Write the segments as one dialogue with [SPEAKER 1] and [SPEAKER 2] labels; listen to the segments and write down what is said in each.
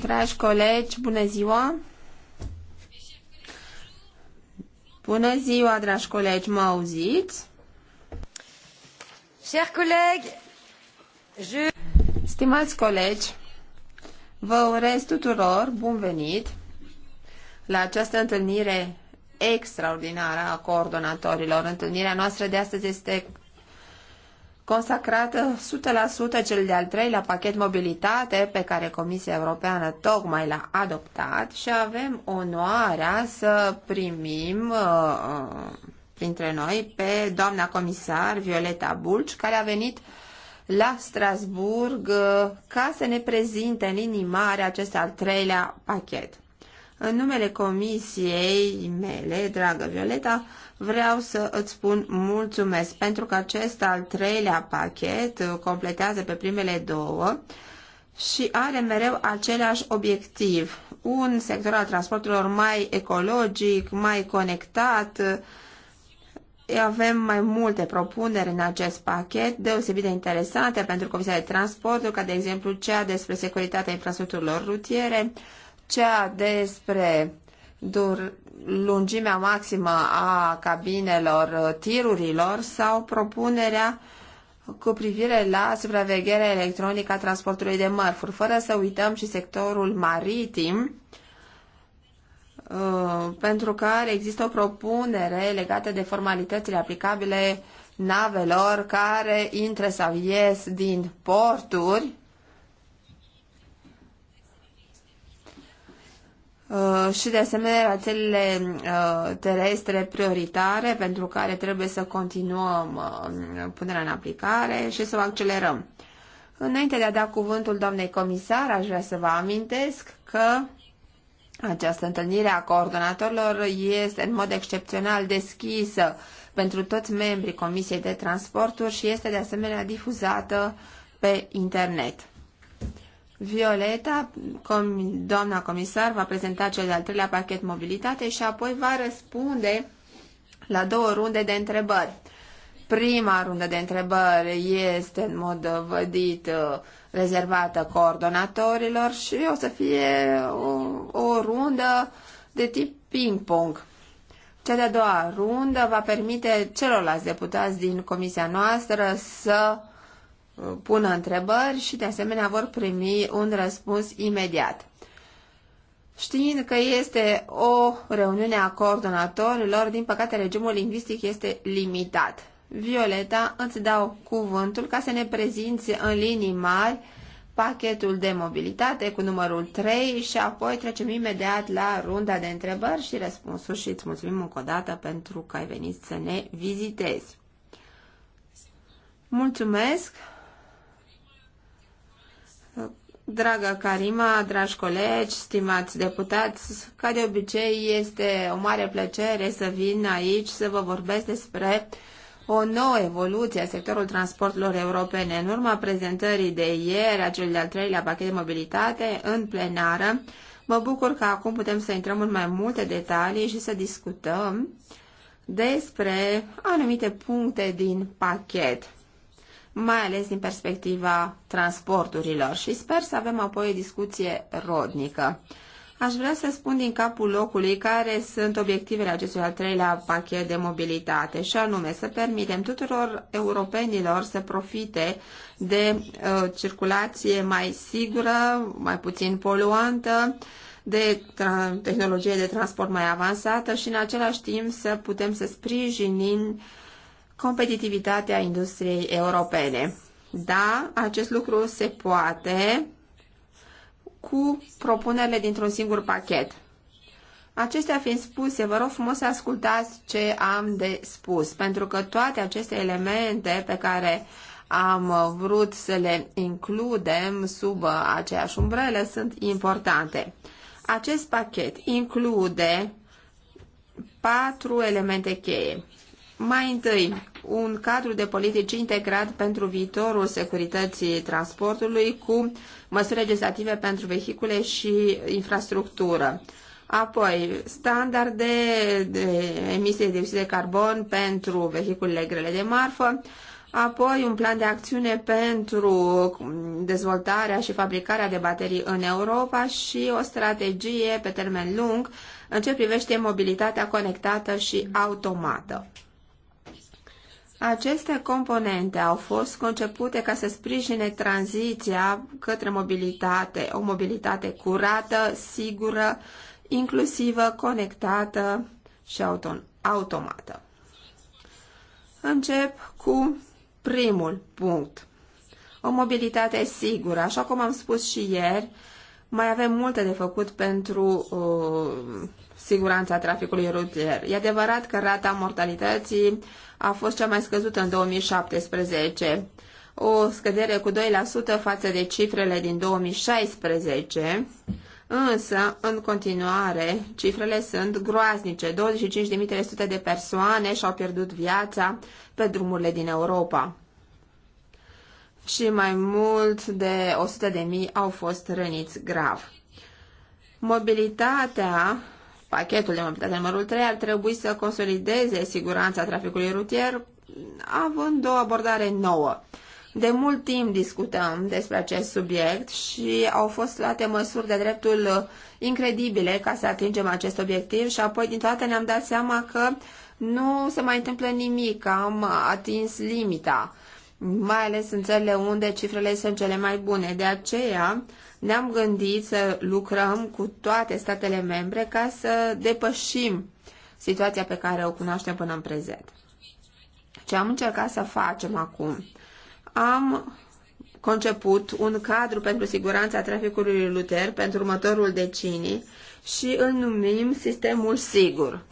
[SPEAKER 1] Dragi colegi, bună ziua! Bună ziua, dragi colegi, mă auziți? Chers colegi, je... Stimați colegi, vă urez tuturor bun venit la această întâlnire extraordinară a coordonatorilor. Întâlnirea noastră de astăzi este consacrată 100% cel de-al treilea pachet mobilitate pe care Comisia Europeană tocmai l-a adoptat și avem onoarea să primim uh, uh, printre noi pe doamna comisar Violeta Bulci, care a venit la Strasburg uh, ca să ne prezinte în linii mari acest al treilea pachet. În numele comisiei mele, dragă Violeta, vreau să îți spun mulțumesc pentru că acest al treilea pachet uh, completează pe primele două și are mereu același obiectiv. Un sector al transporturilor mai ecologic, mai conectat. Uh, avem mai multe propuneri în acest pachet, deosebit de interesante pentru Comisia de Transporturi, ca de exemplu cea despre securitatea infrastructurilor rutiere, cea despre dur, lungimea maximă a cabinelor uh, tirurilor sau propunerea cu privire la supravegherea electronică a transportului de mărfuri, fără să uităm și sectorul maritim, uh, pentru care există o propunere legată de formalitățile aplicabile navelor care intră sau ies din porturi Uh, și de asemenea rețelele uh, terestre prioritare pentru care trebuie să continuăm uh, punerea în aplicare și să o accelerăm. Înainte de a da cuvântul doamnei comisar, aș vrea să vă amintesc că această întâlnire a coordonatorilor este în mod excepțional deschisă pentru toți membrii Comisiei de Transporturi și este de asemenea difuzată pe internet. Violeta, com, doamna comisar, va prezenta cel de-al treilea pachet mobilitate și apoi va răspunde la două runde de întrebări. Prima rundă de întrebări este în mod vădit uh, rezervată coordonatorilor și o să fie o, o rundă de tip ping-pong. Cea de-a doua rundă va permite celorlalți deputați din comisia noastră să uh, pună întrebări și de asemenea vor primi un răspuns imediat. Știind că este o reuniune a coordonatorilor, din păcate regimul lingvistic este limitat. Violeta, îți dau cuvântul ca să ne prezinți în linii mari pachetul de mobilitate cu numărul 3 și apoi trecem imediat la runda de întrebări și răspunsuri și îți mulțumim încă o dată pentru că ai venit să ne vizitezi. Mulțumesc! Dragă Karima, dragi colegi, stimați deputați, ca de obicei este o mare plăcere să vin aici să vă vorbesc despre o nouă evoluție a sectorului transporturilor europene. În urma prezentării de ieri a celui de-al treilea pachet de mobilitate în plenară, mă bucur că acum putem să intrăm în mai multe detalii și să discutăm despre anumite puncte din pachet mai ales din perspectiva transporturilor și sper să avem apoi o discuție rodnică. Aș vrea să spun din capul locului care sunt obiectivele acestui al treilea pachet de mobilitate și anume să permitem tuturor europenilor să profite de uh, circulație mai sigură, mai puțin poluantă, de tehnologie de transport mai avansată și în același timp să putem să sprijinim uh, competitivitatea industriei europene. Da, acest lucru se poate cu propunerile dintr-un singur pachet. Acestea fiind spuse, vă rog frumos să ascultați ce am de spus, pentru că toate aceste elemente pe care am vrut să le includem sub aceeași umbrelă sunt importante. Acest pachet include patru elemente cheie. Mai întâi, un cadru de politici integrat pentru viitorul securității transportului cu măsuri legislative pentru vehicule și infrastructură. Apoi, standarde de emisie de dioxid de carbon pentru vehiculele grele de marfă, apoi un plan de acțiune pentru dezvoltarea și fabricarea de baterii în Europa și o strategie pe termen lung în ce privește mobilitatea conectată și automată. Aceste componente au fost concepute ca să sprijine tranziția către mobilitate, o mobilitate curată, sigură, inclusivă, conectată și autom automată. Încep cu primul punct. O mobilitate sigură. Așa cum am spus și ieri, mai avem multe de făcut pentru uh, siguranța traficului rutier. E adevărat că rata mortalității a fost cea mai scăzută în 2017, o scădere cu 2% față de cifrele din 2016, însă, în continuare, cifrele sunt groaznice. 25.300 de persoane și-au pierdut viața pe drumurile din Europa și mai mult de 100.000 au fost răniți grav. Mobilitatea pachetul de mobilitate numărul 3 ar trebui să consolideze siguranța traficului rutier, având o abordare nouă. De mult timp discutăm despre acest subiect și au fost luate măsuri de dreptul incredibile ca să atingem acest obiectiv și apoi din toate ne-am dat seama că nu se mai întâmplă nimic, am atins limita mai ales în țările unde cifrele sunt cele mai bune. De aceea ne-am gândit să lucrăm cu toate statele membre ca să depășim situația pe care o cunoaștem până în prezent. Ce am încercat să facem acum? Am conceput un cadru pentru siguranța traficului luter pentru următorul decenii și îl numim sistemul sigur.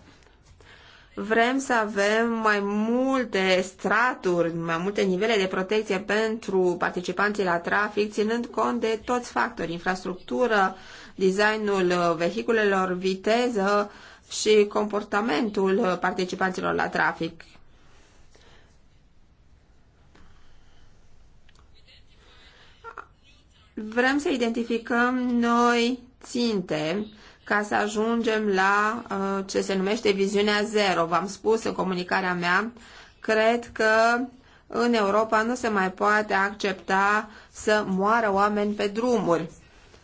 [SPEAKER 1] Vrem să avem mai multe straturi, mai multe nivele de protecție pentru participanții la trafic, ținând cont de toți factorii, infrastructură, designul vehiculelor, viteză și comportamentul participanților la trafic. Vrem să identificăm noi ținte ca să ajungem la uh, ce se numește viziunea zero. V-am spus în comunicarea mea, cred că în Europa nu se mai poate accepta să moară oameni pe drumuri.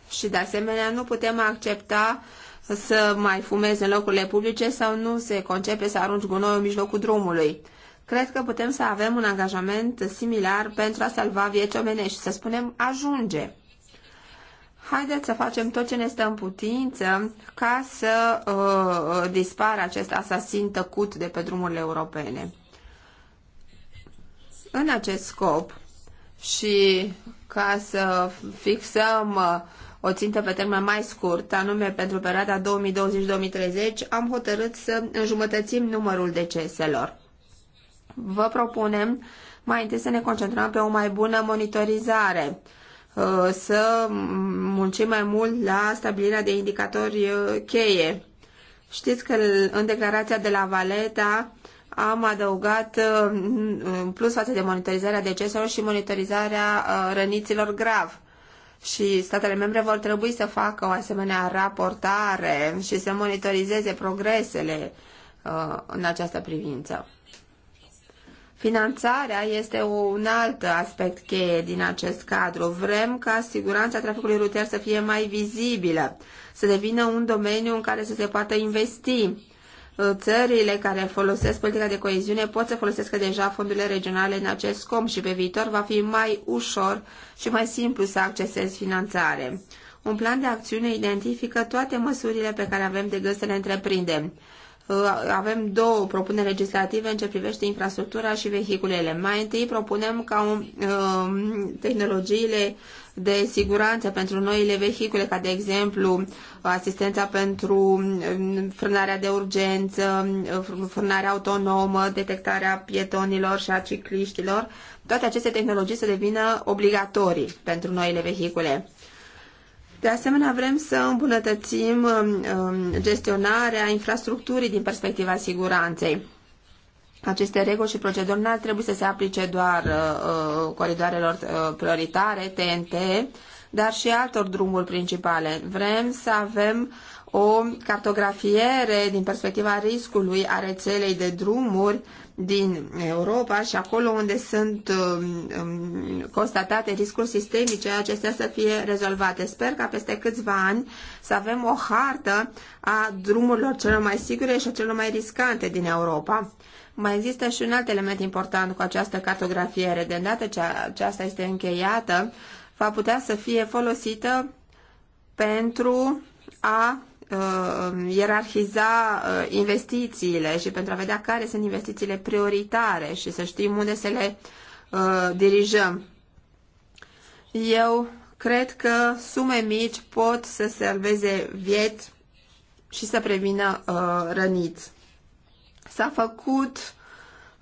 [SPEAKER 1] Și de asemenea nu putem accepta să mai fumezi în locurile publice sau nu se concepe să arunci gunoiul în mijlocul drumului. Cred că putem să avem un angajament similar pentru a salva vieți omenești, să spunem ajunge. Haideți să facem tot ce ne stă în putință ca să uh, uh, dispară acest asasin tăcut de pe drumurile europene. În acest scop și ca să fixăm uh, o țintă pe termen mai scurt, anume pentru perioada 2020-2030, am hotărât să înjumătățim numărul deceselor. Vă propunem mai întâi să ne concentrăm pe o mai bună monitorizare Uh, să muncim mai mult la stabilirea de indicatori uh, cheie. Știți că în declarația de la Valeta am adăugat uh, plus față de monitorizarea deceselor și monitorizarea răniților grav. Și statele membre vor trebui să facă o asemenea raportare și să monitorizeze progresele în această privință. Finanțarea este un alt aspect cheie din acest cadru. Vrem ca siguranța traficului rutier să fie mai vizibilă, să devină un domeniu în care să se poată investi. Țările care folosesc politica de coeziune pot să folosească deja fondurile regionale în acest scop și pe viitor va fi mai ușor și mai simplu să accesezi finanțare. Un plan de acțiune identifică toate măsurile pe care avem de gând să le întreprindem Uh, avem două propuneri legislative în ce privește infrastructura și vehiculele. Mai întâi propunem ca un uh, tehnologiile de siguranță pentru noile vehicule, ca de exemplu asistența pentru uh, frânarea de urgență, frânarea autonomă, detectarea pietonilor și a cicliștilor, toate aceste tehnologii să devină obligatorii pentru noile vehicule. De asemenea, vrem să îmbunătățim um, um, gestionarea infrastructurii din perspectiva siguranței. Aceste reguli și proceduri n-ar trebui să se aplice doar uh, uh coridoarelor uh, prioritare, TNT, dar și altor drumuri principale. Vrem să avem o cartografiere din perspectiva riscului a rețelei de drumuri din Europa și acolo unde sunt um, um, constatate riscuri sistemice, acestea să fie rezolvate. Sper ca peste câțiva ani să avem o hartă a drumurilor celor mai sigure și cele celor mai riscante din Europa. Mai există și un alt element important cu această cartografiere. De îndată ce aceasta este încheiată, va putea să fie folosită pentru a uh, ierarhiza uh, investițiile și pentru a vedea care sunt investițiile prioritare și să știm unde să le uh, dirijăm. Eu cred că sume mici pot să salveze vieți și să prevină uh, răniți. S-a făcut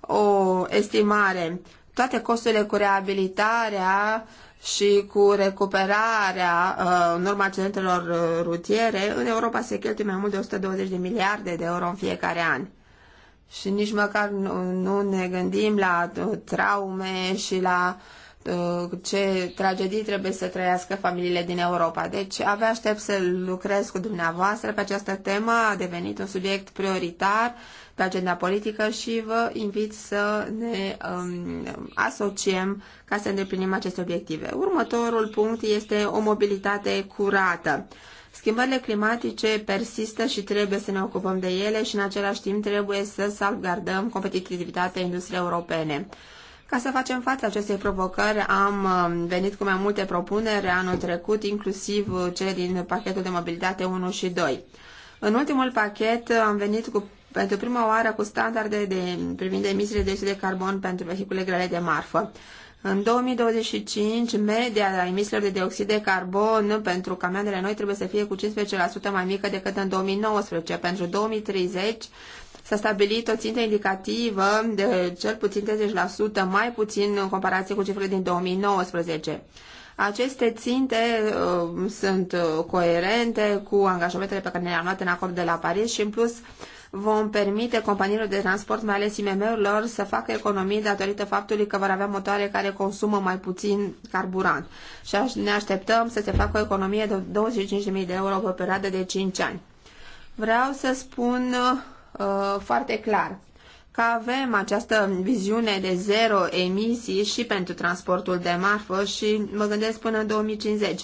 [SPEAKER 1] o estimare. Toate costurile cu reabilitarea uh, și cu recuperarea uh, în urma accidentelor uh, rutiere, în Europa se cheltuie mai mult de 120 de miliarde de euro în fiecare an. Și nici măcar nu ne gândim la uh, traume și la ce tragedii trebuie să trăiască familiile din Europa. Deci abia aștept să lucrez cu dumneavoastră pe această temă. A devenit un subiect prioritar pe agenda politică și vă invit să ne um, asociem ca să îndeplinim aceste obiective. Următorul punct este o mobilitate curată. Schimbările climatice persistă și trebuie să ne ocupăm de ele și în același timp trebuie să salvgardăm competitivitatea industriei europene. Ca să facem față acestei provocări, am um, venit cu mai multe propuneri anul trecut, inclusiv uh, cele din pachetul de mobilitate 1 și 2. În ultimul pachet am venit cu pentru prima oară cu standarde de, privind emisiile de de carbon pentru vehicule grele de marfă. În 2025, media emisiilor de dioxid de carbon pentru camioanele noi trebuie să fie cu 15% mai mică decât în 2019. Pentru 2030 s-a stabilit o țintă indicativă de cel puțin 30% mai puțin în comparație cu cifrele din 2019. Aceste ținte uh, sunt uh, coerente cu angajamentele pe care le-am luat în acord de la Paris și, în plus, uh, vom permite companiilor de transport, mai ales IMM-urilor, să facă economii datorită faptului că vor avea motoare care consumă mai puțin carburant. Și ne așteptăm să se facă o economie de 25.000 de euro pe o perioadă de 5 ani. Vreau să spun uh, foarte clar că avem această viziune de zero emisii și pentru transportul de marfă și mă gândesc până în 2050.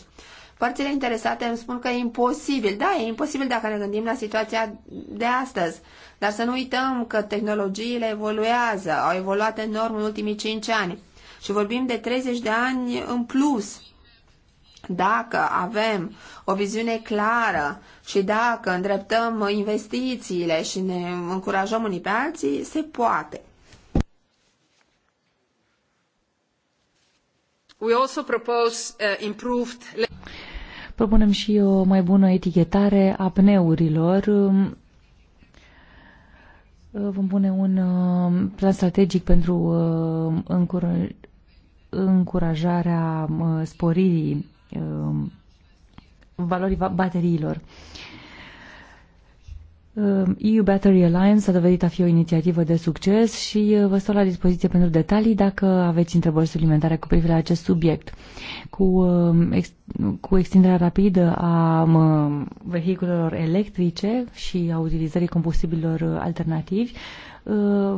[SPEAKER 1] Părțile interesate îmi spun că e imposibil. Da, e imposibil dacă ne gândim la situația de astăzi. Dar să nu uităm că tehnologiile evoluează, au evoluat enorm în ultimii 5 ani. Și vorbim de 30 de ani în plus. Dacă avem o viziune clară și dacă îndreptăm investițiile și ne încurajăm unii pe alții, se poate. We
[SPEAKER 2] also propose, uh, improved...
[SPEAKER 3] Propunem și o mai bună etichetare a pneurilor. Um, vom pune un um, plan strategic pentru um, încurajarea uh, sporirii valorii bateriilor. Um, EU Battery Alliance a dovedit a fi o inițiativă de succes și uh, vă stau la dispoziție pentru detalii dacă aveți întrebări suplimentare cu privire la acest subiect. Cu, um, ex, cu extinderea rapidă a um, vehiculelor electrice și a utilizării combustibililor alternativi, uh,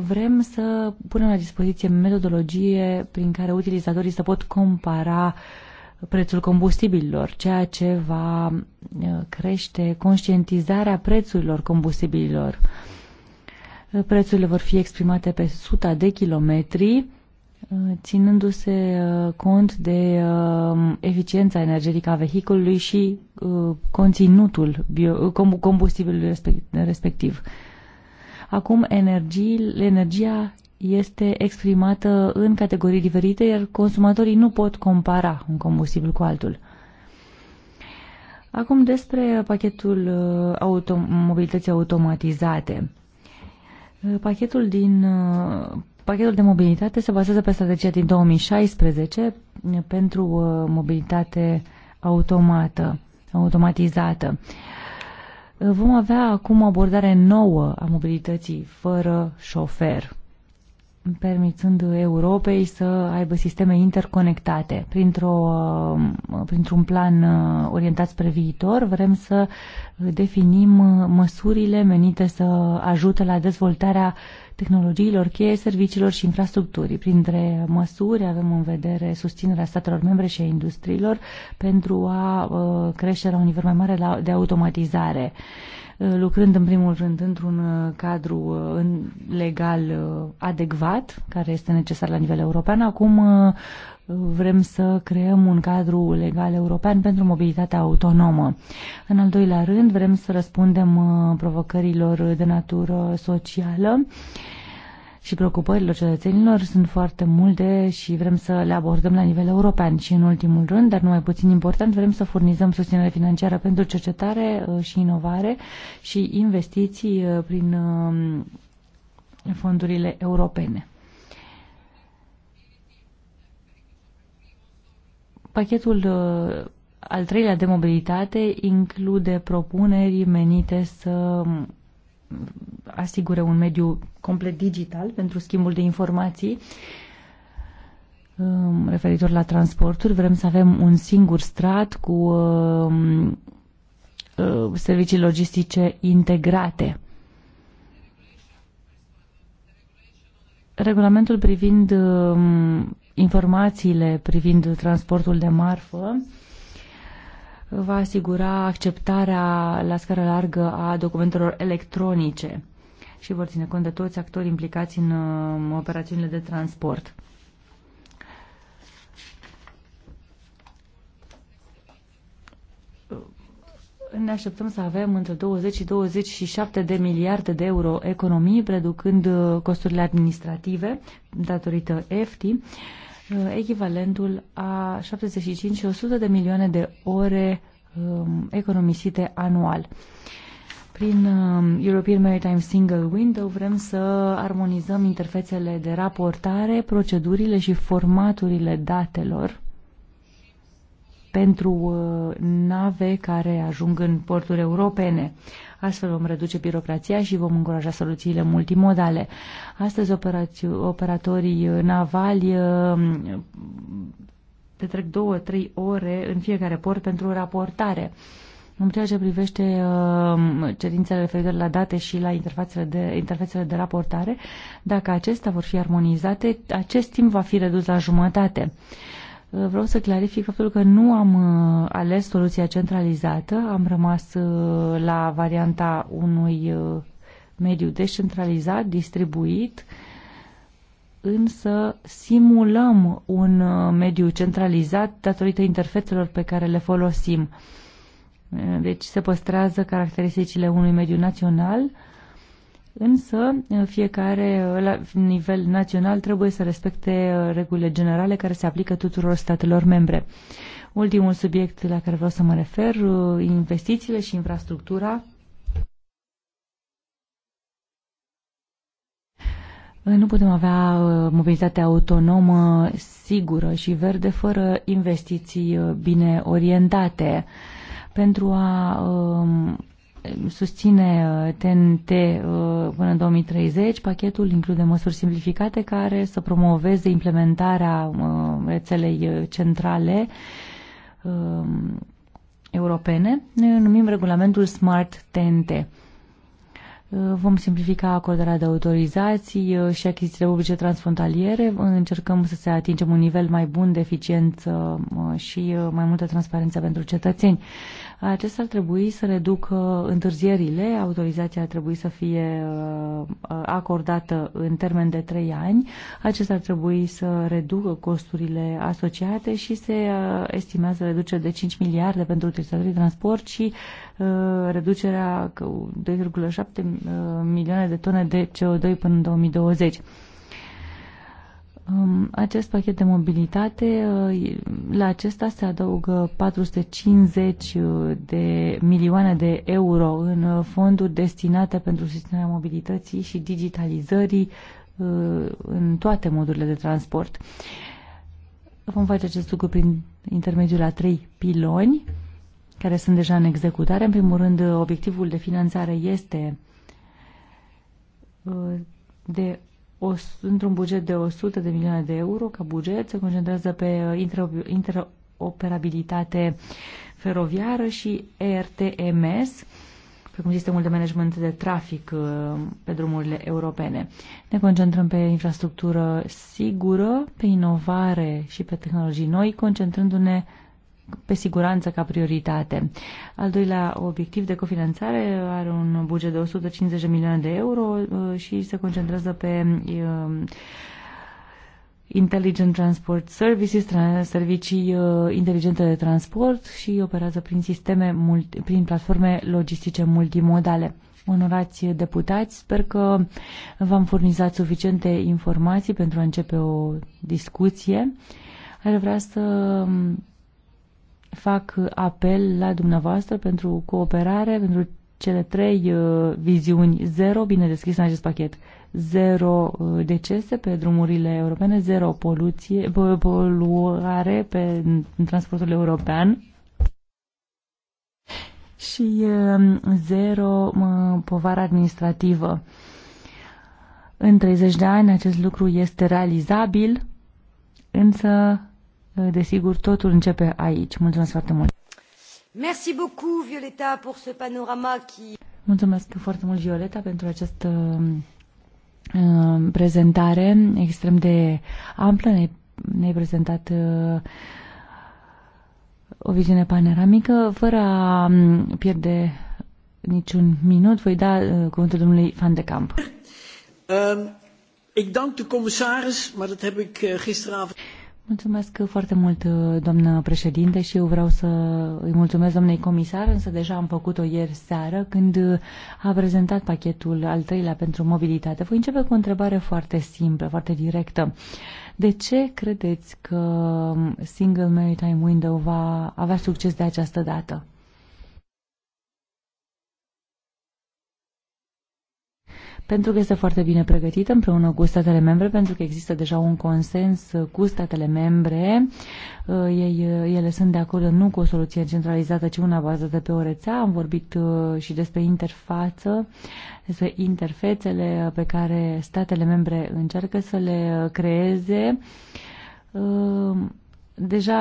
[SPEAKER 3] vrem să punem la dispoziție metodologie prin care utilizatorii să pot compara uh, prețul combustibililor, ceea ce va uh, crește conștientizarea prețurilor combustibililor. Uh, prețurile vor fi exprimate pe suta de kilometri, uh, ținându-se cont de eficiența energetică a vehiculului și conținutul combustibilului respectiv. Acum energie, energia este exprimată în categorii diferite, iar consumatorii nu pot compara un combustibil cu altul. Acum despre pachetul uh, auto, mobilității automatizate. Uh, pachetul, din, uh, pachetul de mobilitate se bazează pe strategia din 2016 pentru mobilitate automată, automatizată. Vom avea acum o abordare nouă a mobilității fără șofer permițând Europei să aibă sisteme interconectate. Uh, printr-un plan uh, orientat spre viitor vrem să definim uh, măsurile menite să ajute la dezvoltarea tehnologiilor cheie, serviciilor și infrastructurii. Printre măsuri avem în vedere susținerea statelor membre și a industriilor pentru a crește la un nivel mai mare de automatizare lucrând în primul rând într-un uh, cadru uh, legal uh, adecvat, care este necesar la nivel european. Acum vrem să creăm un cadru legal european pentru mobilitatea autonomă. În al doilea rând, vrem să răspundem provocărilor de natură socială și preocupărilor cetățenilor sunt foarte multe și vrem să le abordăm la nivel european și în ultimul rând, dar nu mai puțin important, vrem să furnizăm susținere financiară pentru cercetare uh, și inovare și investiții uh, prin um, fondurile europene. Pachetul uh, al treilea de mobilitate include propuneri menite să um, asigură un mediu complet digital pentru schimbul de informații um, referitor la transporturi. Vrem să avem un singur strat cu um, uh, servicii logistice integrate. Regulamentul privind um, informațiile privind transportul de marfă va asigura acceptarea la scară largă a documentelor electronice și vor ține cont de toți actorii implicați în uh, operațiunile de transport. ne așteptăm să avem între 20 și 27 de miliarde de euro economii, reducând uh, costurile administrative datorită EFTI Uh, echivalentul a 75 și 100 de milioane de ore um, economisite anual. Prin um, European Maritime Single Window vrem să armonizăm interfețele de raportare, procedurile și formaturile datelor pentru uh, nave care ajung în porturi europene. Astfel vom reduce birocrația și vom încuraja soluțiile multimodale. Astăzi operatorii navali petrec um, două, trei ore în fiecare port pentru raportare. În ceea ce privește uh, cerințele referitoare la date și la interfațele de, interfețele de raportare, dacă acestea vor fi armonizate, acest timp va fi redus la jumătate. Uh, Uh, vreau să clarific faptul că nu am uh, ales soluția centralizată, am rămas uh, la varianta unui mediu descentralizat, distribuit, însă simulăm un mediu centralizat datorită interfețelor pe care le folosim. Deci se păstrează caracteristicile unui mediu național, Însă, fiecare la nivel național trebuie să respecte uh, regulile generale care se aplică tuturor statelor membre. Ultimul subiect la care vreau să mă refer, uh, investițiile și infrastructura. Uh, nu putem avea mobilitate autonomă, sigură și verde fără investiții bine orientate. Pentru a um, susține TNT uh, uh, până în 2030. Pachetul include măsuri simplificate care să promoveze implementarea uh, rețelei centrale um, europene. Noi numim regulamentul Smart TNT. Vom simplifica acordarea de autorizații uh, și achizițiile publice transfrontaliere. Încercăm să se atingem un nivel mai bun de eficiență uh, și uh, mai multă transparență pentru cetățeni. Acestea ar trebui să reducă întârzierile. Autorizația ar trebui să fie acordată în termen de 3 ani. Acestea ar trebui să reducă costurile asociate și se estimează reduce de 5 miliarde pentru utilizatorii de transport și Uh, reducerea 2,7 uh, milioane de tone de CO2 până în 2020. Um, acest pachet de mobilitate, uh, la acesta se adaugă 450 de milioane de euro în fonduri destinate pentru susținerea mobilității și digitalizării în toate modurile de transport. Vom face acest lucru prin intermediul a trei piloni care sunt deja în executare. În primul rând, obiectivul de finanțare este uh, de într-un buget de 100 de milioane de euro ca buget, se concentrează pe uh, interoperabilitate feroviară și ERTMS, precum sistemul de management de trafic uh, pe drumurile europene. Ne concentrăm pe infrastructură sigură, pe inovare și pe tehnologii noi, concentrându-ne pe siguranță ca prioritate. Al doilea obiectiv de cofinanțare are un buget de 150 de milioane de euro uh, și se concentrează pe uh, Intelligent Transport Services, servicii uh, inteligente de transport și operează prin sisteme, prin platforme logistice multimodale. Onorați deputați, sper că v-am furnizat suficiente informații pentru a începe o discuție. Ar vrea să um, fac apel la dumneavoastră pentru cooperare, pentru cele trei uh, viziuni zero, bine deschis în acest pachet, zero uh, decese pe drumurile europene, zero poluție, poluare pe în transportul european și uh, zero povară administrativă. În 30 de ani acest lucru este realizabil, însă Desigur, totul începe aici. Mulțumesc foarte mult! Merci beaucoup, Violeta, pour ce panorama qui... Mulțumesc foarte mult, Violeta, pentru această uh, prezentare extrem de amplă. Ne-ai, ne prezentat uh, o viziune panoramică, fără a um, pierde niciun minut. Voi da uh, cuvântul domnului Van de Camp. Um,
[SPEAKER 2] ehm, ik dank de commissaris, maar dat heb ik uh, gisteravond...
[SPEAKER 3] Mulțumesc foarte mult, uh, doamnă președinte, și eu vreau să îi mulțumesc doamnei comisar, însă deja am făcut-o ieri seară când uh, a prezentat pachetul al treilea pentru mobilitate. Voi începe cu o întrebare foarte simplă, foarte directă. De ce credeți că um, Single Maritime Window va avea succes de această dată? pentru că este foarte bine pregătită împreună cu statele membre, pentru că există deja un consens uh, cu statele membre. Uh, ei, uh, ele sunt de acord nu cu o soluție centralizată, ci una bazată pe o rețea. Am vorbit și despre interfață, despre interfețele pe care statele membre încearcă să le creeze. Deja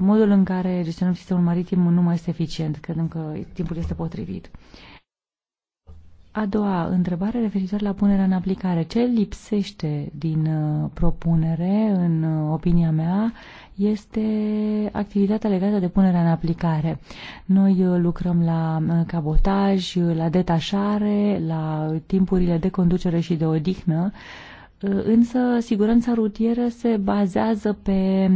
[SPEAKER 3] modul în care gestionăm sistemul maritim nu mai este eficient. Credem că timpul este potrivit. A doua întrebare referitor la punerea în aplicare. Ce lipsește din uh, propunere, în uh, opinia mea, este activitatea legată de punerea în aplicare. Noi uh, lucrăm la cabotaj, la detașare, la timpurile de conducere și de odihnă, însă siguranța rutieră se bazează pe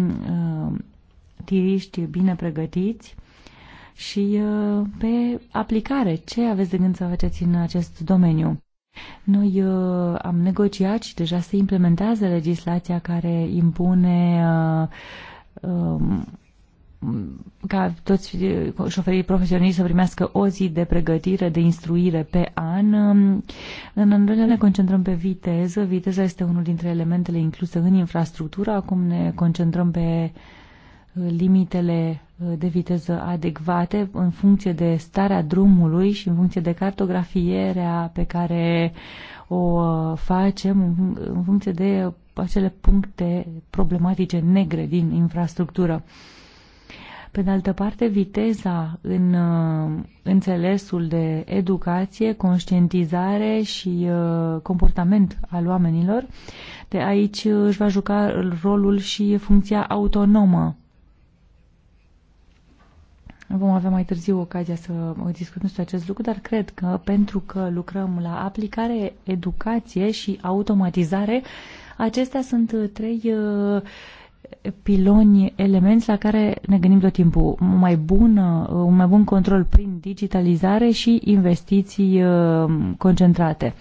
[SPEAKER 3] tiriști bine pregătiți, și uh, pe aplicare. Ce aveți de gând să faceți în acest domeniu? Noi uh, am negociat și deja se implementează legislația care impune uh, um, ca toți uh, șoferii profesioniști să primească o zi de pregătire, de instruire pe an. În anul ne concentrăm pe viteză. Viteza este unul dintre elementele incluse în infrastructură. Acum ne concentrăm pe uh, limitele de viteză adecvate în funcție de starea drumului și în funcție de cartografierea pe care o uh, facem, în funcție de acele puncte problematice negre din infrastructură. Pe de altă parte, viteza în uh, înțelesul de educație, conștientizare și uh, comportament al oamenilor, de aici își va juca rolul și funcția autonomă Vom avea mai târziu ocazia să discutăm despre acest lucru, dar cred că pentru că lucrăm la aplicare, educație și automatizare, acestea sunt trei uh, piloni, elemente la care ne gândim tot timpul. Un mai bun, uh, un mai bun control prin digitalizare și investiții uh, concentrate.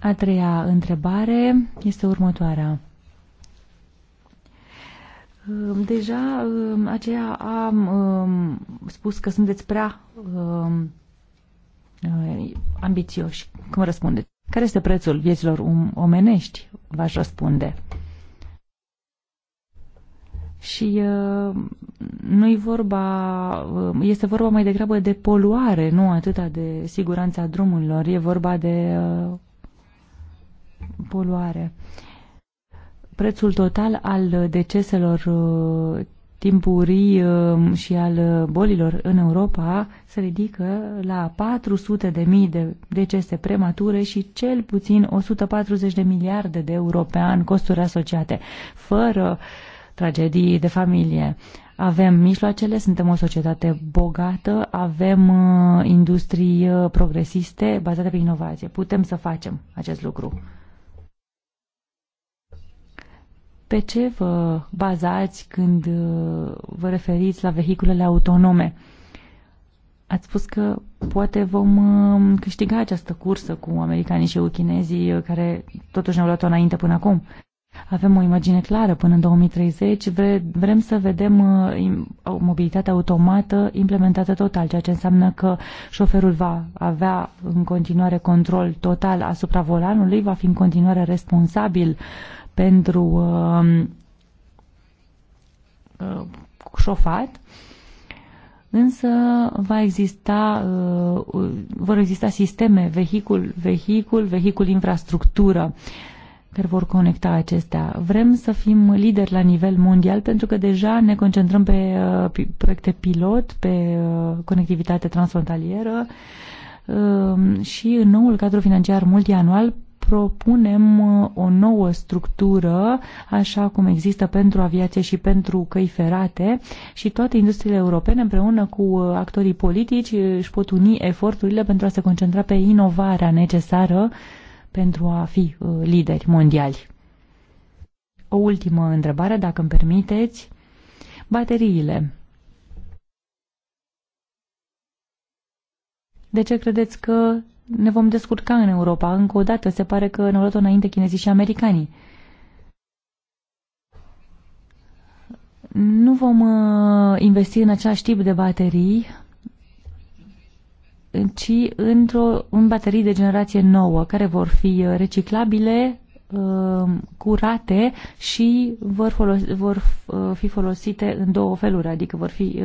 [SPEAKER 3] A treia întrebare este următoarea. Deja aceea am spus că sunteți prea ambițioși. Cum răspundeți? Care este prețul vieților omenești? V-aș răspunde. Și nu vorba, este vorba mai degrabă de poluare, nu atâta de siguranța drumurilor, e vorba de poluare. Uh, prețul total al deceselor uh, timpurii uh, și al uh, bolilor în Europa se ridică la 400 de mii de decese premature și cel puțin 140 de miliarde de euro pe an costuri asociate, fără tragedii de familie. Avem mijloacele, suntem o societate bogată, avem industrii progresiste bazate pe inovație. Putem să facem acest lucru. Pe ce vă bazați când uh, vă referiți la vehiculele autonome? Ați spus că poate vom um, câștiga această cursă cu americanii și cu chinezii uh, care totuși ne-au luat-o înainte până acum. Avem o imagine clară până în 2030. vrem să vedem uh, o mobilitatea automată implementată total, ceea ce înseamnă că șoferul va avea în continuare control total asupra volanului, va fi în continuare responsabil uh, pentru uh, uh, șofat, însă va exista, uh, vor exista sisteme, vehicul, vehicul, vehicul infrastructură care vor conecta acestea. Vrem să fim lideri la nivel mondial pentru că deja ne concentrăm pe uh, proiecte pilot, pe uh, conectivitate transfrontalieră, um, și în noul cadru financiar multianual propunem uh, o nouă structură, așa cum există pentru aviație și pentru căi ferate și toate industriile europene împreună cu uh, actorii politici uh, își pot uni eforturile pentru a se concentra pe inovarea necesară pentru a fi lideri mondiali. O ultimă întrebare, dacă îmi permiteți. Bateriile. De ce credeți că ne vom descurca în Europa. Încă o dată se pare că ne luat înainte chinezii și americanii. Nu vom uh, investi în același tip de baterii, ci într-o, în baterii de generație nouă, care vor fi uh, reciclabile, uh, curate și vor, folosi, vor fi folosite în două feluri, adică vor fi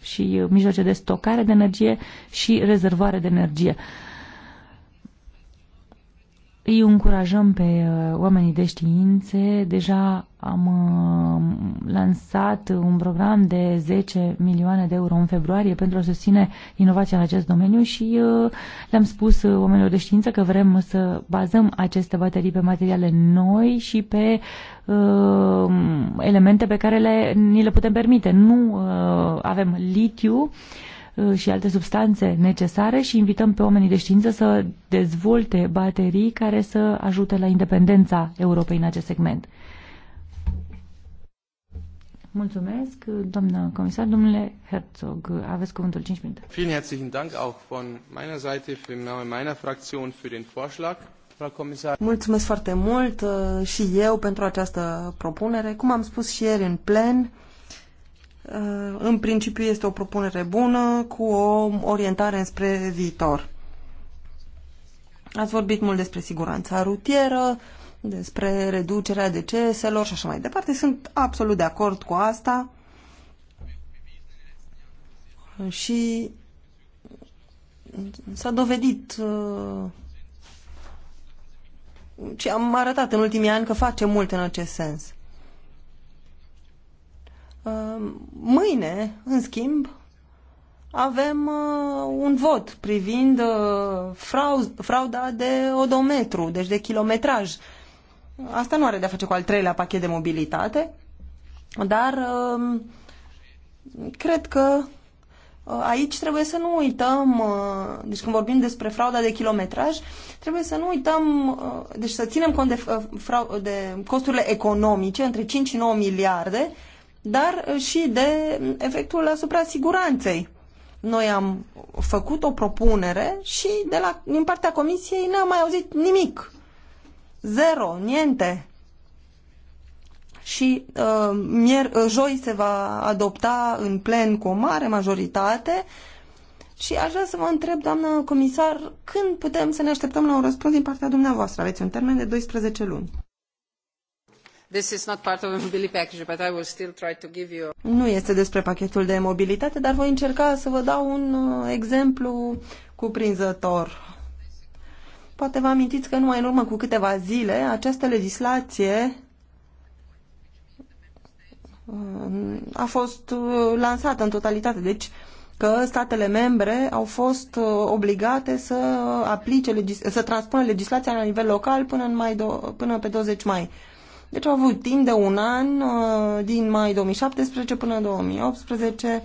[SPEAKER 3] și mijloace de stocare de energie și rezervare de energie îi încurajăm pe uh, oamenii de științe. Deja am uh, lansat un program de 10 milioane de euro în februarie pentru a susține inovația în acest domeniu și uh, le-am spus oamenilor de știință că vrem să bazăm aceste baterii pe materiale noi și pe uh, elemente pe care le, ni le putem permite. Nu uh, avem litiu, uh, Uh, și alte substanțe necesare și invităm pe oamenii de știință să dezvolte baterii care să ajute la independența Europei în acest segment. Mulțumesc, doamnă comisar. Domnule Herzog, aveți cuvântul 5 minute.
[SPEAKER 4] Vielen herzlichen Dank auch von meiner Seite, für meine meiner Fraktion, für den Vorschlag. Mulțumesc foarte mult uh, și eu pentru această propunere. Cum am spus și ieri în plen, Uh, în principiu este o propunere bună cu o orientare spre viitor. Ați vorbit mult despre siguranța rutieră, despre reducerea deceselor și așa mai departe. Sunt absolut de acord cu asta. Și s-a dovedit uh, și am arătat în ultimii ani că face mult în acest sens. Ehm, mâine, în schimb, avem uh, un vot privind uh, frauz, frauda de odometru, deci de kilometraj. Asta nu are de-a face cu al treilea pachet de mobilitate, dar uh, cred că uh, aici trebuie să nu uităm, uh, deci când vorbim despre frauda de kilometraj, trebuie să nu uităm, uh, deci să ținem cont de, uh, de costurile economice între 5 și 9 miliarde uh, dar uh, și de mm, efectul asupra siguranței. Noi am făcut o propunere și de la, din partea comisiei n-am mai auzit nimic. Zero, niente. Și uh, mier, uh, joi se va adopta în plen cu o mare majoritate și aș vrea să vă întreb, doamnă comisar, când putem să ne așteptăm la un răspuns din partea dumneavoastră? Aveți un termen de 12 luni. Nu este despre pachetul de mobilitate, dar voi încerca să vă dau un uh, exemplu cuprinzător. Poate vă amintiți că numai în urmă cu câteva zile această legislație uh, a fost uh, lansată în totalitate. Deci că statele membre au fost obligate să aplice, să transpună legislația la nivel local până, în mai do- până pe 20 mai. Deci au avut timp de un an, uh, din mai 2017 până 2018,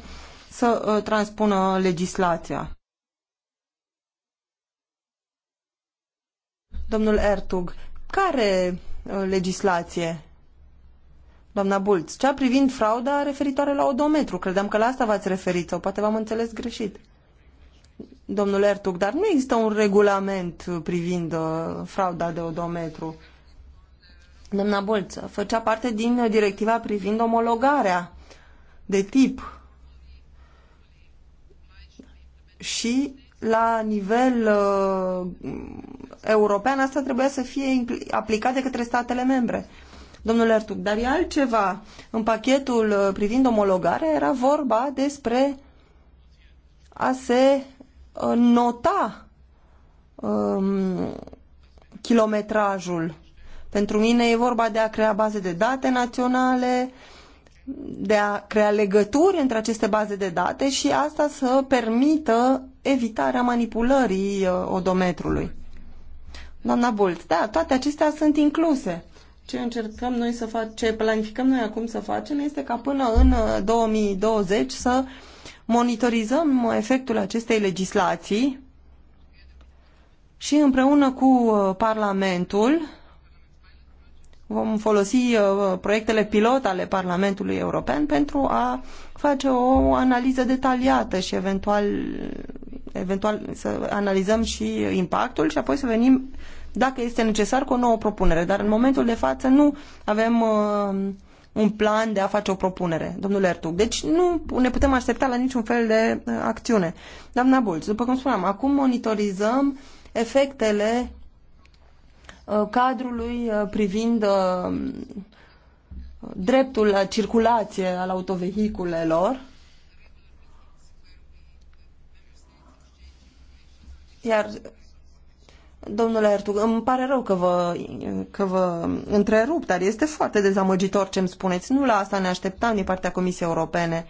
[SPEAKER 4] să uh, transpună legislația. Domnul Ertug, care uh, legislație? Doamna Bulț, cea privind frauda referitoare la odometru. Credeam că la asta v-ați referit sau poate v-am înțeles greșit. Domnul Ertug, dar nu există un regulament privind frauda de odometru. Doamna Bolță făcea parte din directiva privind omologarea de tip și la nivel uh, european asta trebuia să fie aplicat de către statele membre. Domnul Ertug, dar e altceva. În pachetul uh, privind omologarea era vorba despre a se uh, nota uh, kilometrajul pentru mine e vorba de a crea baze de date naționale, de a crea legături între aceste baze de date și asta să permită evitarea manipulării uh, odometrului. Doamna Bult, da, toate acestea sunt incluse. Ce încercăm noi să facem, ce planificăm noi acum să facem este ca până în 2020 uh, să monitorizăm efectul acestei legislații și împreună cu uh, Parlamentul vom folosi uh, proiectele pilot ale Parlamentului European pentru a face o analiză detaliată și eventual, eventual să analizăm și impactul și apoi să venim, dacă este necesar, cu o nouă propunere. Dar în momentul de față nu avem uh, un plan de a face o propunere, domnule Ertug. Deci nu ne putem aștepta la niciun fel de uh, acțiune. Doamna Bulci, după cum spuneam, acum monitorizăm efectele Uh, cadrului uh, privind uh, dreptul la circulație al autovehiculelor. Iar, domnule Ertug, îmi pare rău că vă, că vă întrerup, dar este foarte dezamăgitor ce îmi spuneți. Nu la asta ne așteptam din partea Comisiei Europene.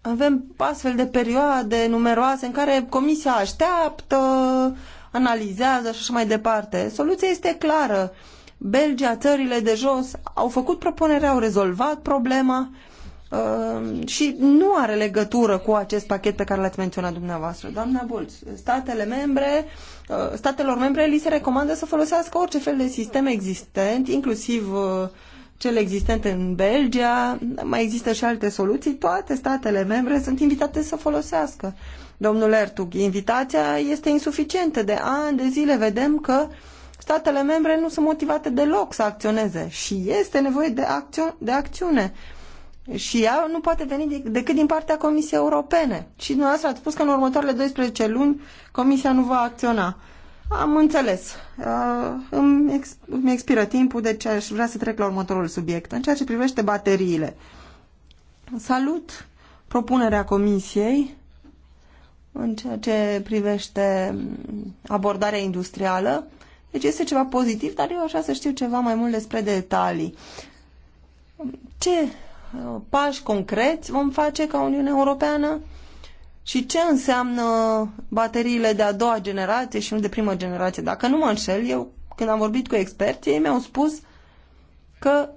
[SPEAKER 4] Avem astfel de perioade numeroase în care Comisia așteaptă, analizează și așa mai departe. Soluția este clară. Belgia, țările de jos au făcut propunerea, au rezolvat problema uh, și nu are legătură cu acest pachet pe care l-ați menționat dumneavoastră. Doamna Bulț, statele membre, uh, statelor membre li se recomandă să folosească orice fel de sistem existent, inclusiv uh, cel existent în Belgia, mai există și alte soluții, toate statele membre sunt invitate să folosească. Domnul Ertug, invitația este insuficientă. De ani de zile vedem că statele membre nu sunt motivate deloc să acționeze și este nevoie de, acțio- de acțiune. Și ea nu poate veni decât din partea Comisiei Europene. Și dumneavoastră ați spus că în următoarele 12 luni Comisia nu va acționa. Am înțeles. Uh, îmi, ex- îmi expiră timpul, deci aș vrea să trec la următorul subiect. În ceea ce privește bateriile. Salut propunerea Comisiei în ceea ce privește abordarea industrială. Deci este ceva pozitiv, dar eu așa să știu ceva mai mult despre detalii. Ce uh, pași concreți vom face ca Uniunea Europeană și ce înseamnă bateriile de a doua generație și nu de primă generație. Dacă nu mă înșel, eu când am vorbit cu experții, ei mi-au spus că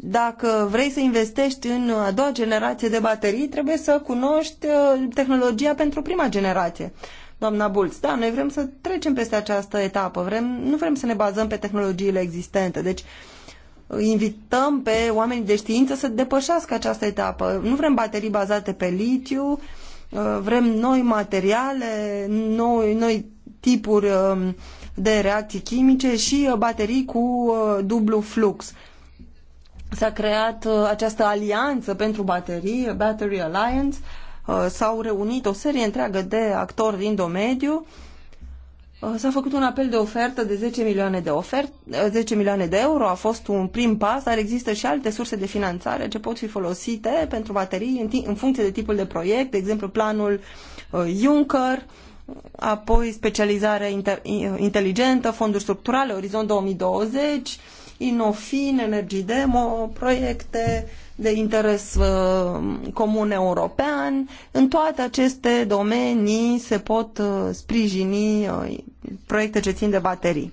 [SPEAKER 4] dacă vrei să investești în a doua generație de baterii, trebuie să cunoști uh, tehnologia pentru prima generație. Doamna Bulț, da, noi vrem să trecem peste această etapă, vrem, nu vrem să ne bazăm pe tehnologiile existente, deci uh, invităm pe oamenii de știință să depășească această etapă. Nu vrem baterii bazate pe litiu, uh, vrem noi materiale, noi, noi tipuri um, de reacții chimice și baterii cu dublu flux S-a creat uh, această alianță pentru baterii, Battery Alliance, uh, s-au reunit o serie întreagă de actori din domeniu, uh, S-a făcut un apel de ofertă de 10 milioane de, ofert, 10 milioane de euro, a fost un prim pas, dar există și alte surse de finanțare ce pot fi folosite pentru baterii în, în funcție de tipul de proiect, de exemplu planul Juncker, apoi specializarea inter, inteligentă, fonduri structurale, Orizont 2020, Inofin, demo proiecte de interes uh, comun european. În toate aceste domenii se pot uh, sprijini uh, proiecte ce țin de baterii.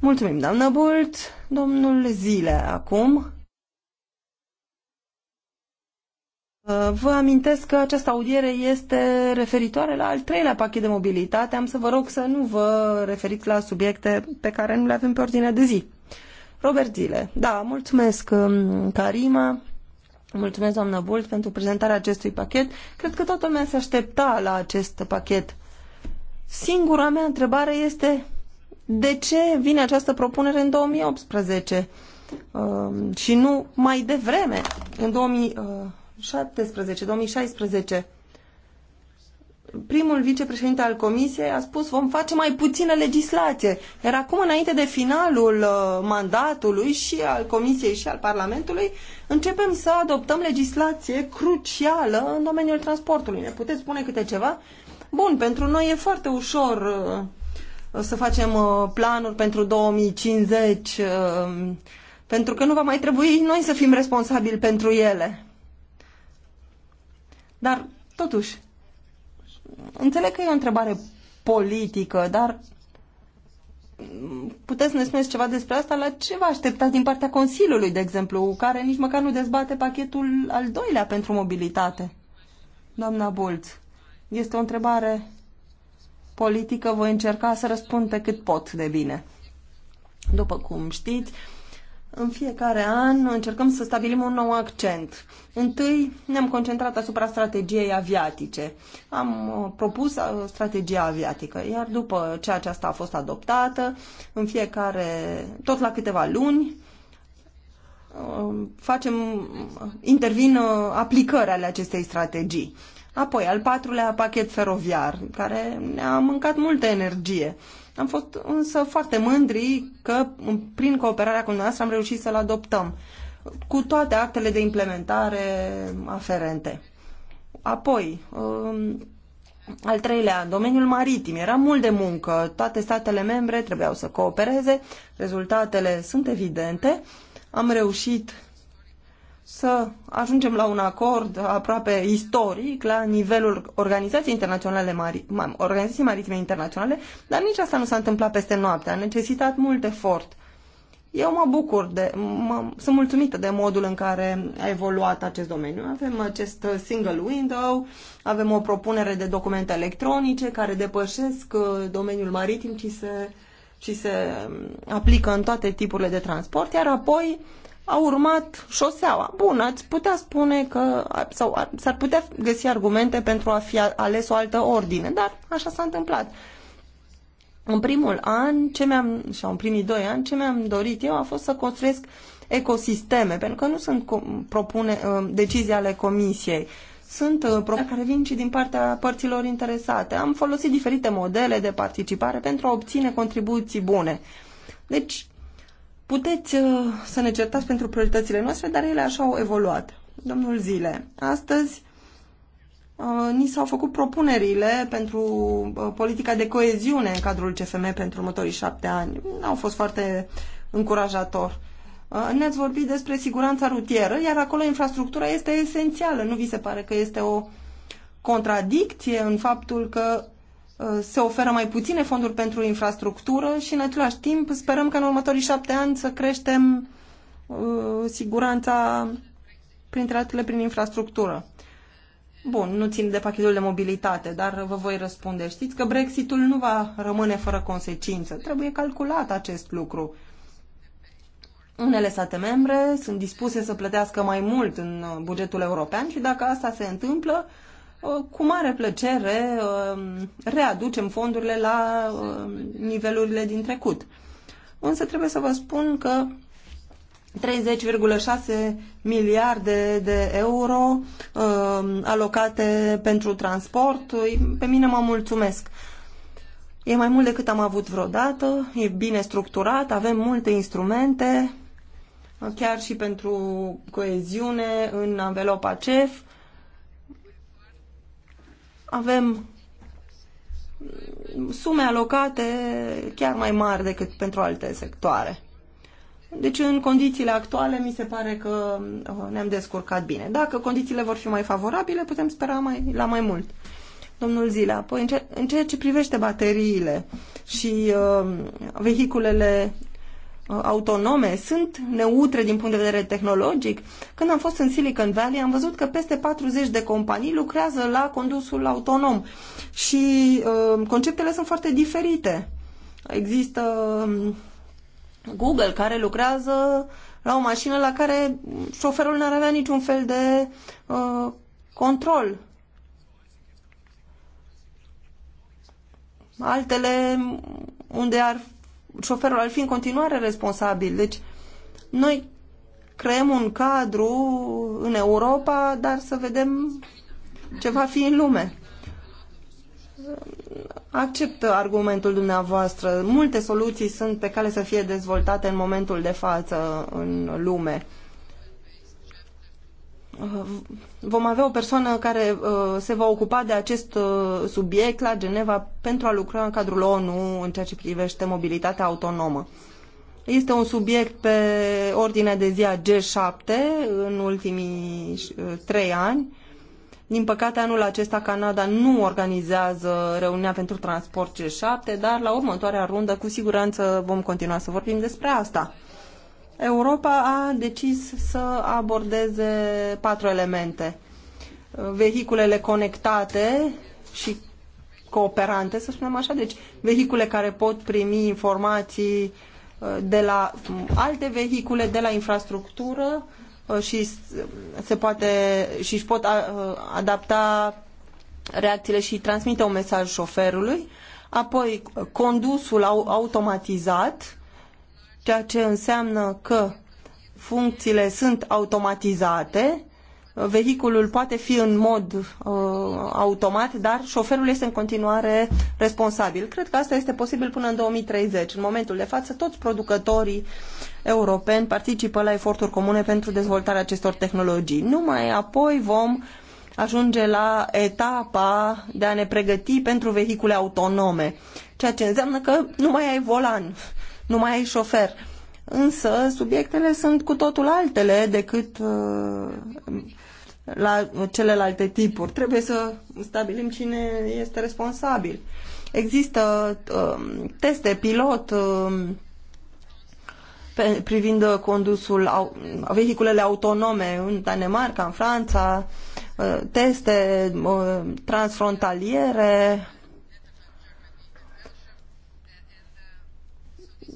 [SPEAKER 4] Mulțumim, doamnă Bult. Domnul Zile, acum. Uh, vă amintesc că această audiere este referitoare la al treilea pachet de mobilitate. Am să vă rog să nu vă referiți la subiecte pe care nu le avem pe ordinea de zi. Robert Zile. Da, mulțumesc, um, Karima. Mulțumesc, doamnă Bult, pentru prezentarea acestui pachet. Cred că toată lumea se aștepta la acest pachet. Singura mea întrebare este de ce vine această propunere în 2018 uh, um, și nu mai devreme, în 2017-2016? primul vicepreședinte al comisiei a spus vom face mai puțină legislație. Iar acum, înainte de finalul uh, mandatului și al comisiei și al Parlamentului, începem să adoptăm legislație crucială în domeniul transportului. Ne puteți spune câte ceva? Bun, pentru noi e foarte ușor uh, să facem uh, planuri pentru 2050, pentru că nu va mai trebui noi să fim responsabili pentru ele. Dar, totuși, înțeleg că e o întrebare politică, dar puteți să ne spuneți ceva despre asta? La ce vă așteptați din partea Consiliului, de exemplu, care nici măcar nu dezbate pachetul al doilea pentru mobilitate? Doamna Bulț, este o întrebare politică, voi încerca să răspund pe cât pot de bine. După cum știți, în fiecare an încercăm să stabilim un nou accent. Întâi ne-am concentrat asupra strategiei aviatice. Am uh, propus uh, strategia aviatică, iar după ce aceasta a fost adoptată, în fiecare, tot la câteva luni, uh, facem, intervin aplicări ale acestei strategii. Apoi, al patrulea pachet feroviar, care ne-a mâncat multă energie. Am fost însă foarte mândri că prin cooperarea cu noastră am reușit să-l adoptăm cu toate actele de implementare aferente. Apoi, um, al treilea, domeniul maritim. Era mult de muncă, toate statele membre trebuiau să coopereze, rezultatele sunt evidente. Am reușit să ajungem la un acord aproape istoric la nivelul Organizației Internaționale Mari, Organizației Maritime Internaționale, dar nici asta nu s-a întâmplat peste noapte. A necesitat mult efort. Eu mă bucur, de, mă, sunt mulțumită de modul în care a evoluat acest domeniu. Avem acest single window, avem o propunere de documente electronice care depășesc uh, domeniul maritim și se, și se um, aplică în toate tipurile de transport, iar apoi uh, a urmat șoseaua. Bun, ați putea spune că sau s-ar putea găsi argumente pentru a fi ales o altă ordine, dar așa s-a întâmplat. În primul an, ce mi-am, sau în primii doi ani, ce mi-am dorit eu a fost să construiesc ecosisteme, pentru că nu sunt propune, uh, decizii ale comisiei. Sunt uh, propuneri care vin și din partea părților interesate. Am folosit diferite modele de participare pentru a obține contribuții bune. Deci, Puteți uh, să ne certați pentru prioritățile noastre, dar ele așa au evoluat. Domnul Zile, astăzi uh, ni s-au făcut propunerile pentru uh, politica de coeziune în cadrul CFM pentru următorii șapte ani. Nu au fost foarte încurajator. Ne-ați vorbit despre siguranța rutieră, iar acolo infrastructura este esențială. Nu vi se pare că este o contradicție în faptul că Uh, se oferă mai puține fonduri pentru infrastructură și în același timp sperăm că în următorii șapte ani să creștem uh, siguranța printre altele prin infrastructură. Bun, nu țin de pachetul de mobilitate, dar vă voi răspunde. Știți că Brexitul nu va rămâne fără consecință. Trebuie calculat acest lucru. Unele state membre sunt dispuse să plătească mai mult în bugetul european și dacă asta se întâmplă, Uh, cu mare plăcere uh, readucem fondurile la uh, nivelurile din trecut. Însă trebuie să vă spun că 30,6 miliarde de euro uh, alocate pentru transport. Pe mine mă mulțumesc. E mai mult decât am avut vreodată, e bine structurat, avem multe instrumente, chiar și pentru coeziune în anvelopa CEF avem sume alocate chiar mai mari decât pentru alte sectoare. Deci în condițiile actuale mi se pare că uh, ne-am descurcat bine. Dacă condițiile vor fi mai favorabile, putem spera mai, la mai mult. Domnul Zilea, apoi în, ce, în ceea ce privește bateriile și uh, vehiculele autonome sunt neutre din punct de vedere tehnologic. Când am fost în Silicon Valley, am văzut că peste 40 de companii lucrează la condusul autonom și uh, conceptele sunt foarte diferite. Există um, Google care lucrează la o mașină la care șoferul n-ar avea niciun fel de uh, control. Altele unde ar șoferul ar fi în continuare responsabil. Deci, noi creăm un cadru în Europa, dar să vedem ce va fi în lume. Accept argumentul dumneavoastră. Multe soluții sunt pe care să fie dezvoltate în momentul de față în lume. Uh, vom avea o persoană care uh, se va ocupa de acest uh, subiect la Geneva pentru a lucra în cadrul ONU în ceea ce privește mobilitatea autonomă. Este un subiect pe ordinea de zi a G7 în ultimii trei ani. Din păcate, anul acesta Canada nu organizează reuniunea pentru transport G7, dar la următoarea rundă cu siguranță vom continua să vorbim despre asta. Europa a decis să abordeze patru elemente. Vehiculele conectate și cooperante, să spunem așa, deci vehicule care pot primi informații uh, de la mm, alte vehicule, de la infrastructură uh, și se poate și își pot uh, adapta reacțiile și transmite un mesaj șoferului. Apoi condusul automatizat, ceea ce înseamnă că funcțiile sunt automatizate, vehiculul poate fi în mod uh, automat, dar șoferul este în continuare responsabil. Cred că asta este posibil până în 2030. În momentul de față, toți producătorii europeni participă la eforturi comune pentru dezvoltarea acestor tehnologii. Numai apoi vom ajunge la etapa de a ne pregăti pentru vehicule autonome, ceea ce înseamnă că nu mai ai volan nu mai ai șofer. Însă subiectele sunt cu totul altele decât uh, la celelalte tipuri. Trebuie să stabilim cine este responsabil. Există uh, teste pilot uh, privind condusul vehiculele autonome în Danemarca, în Franța, teste transfrontaliere,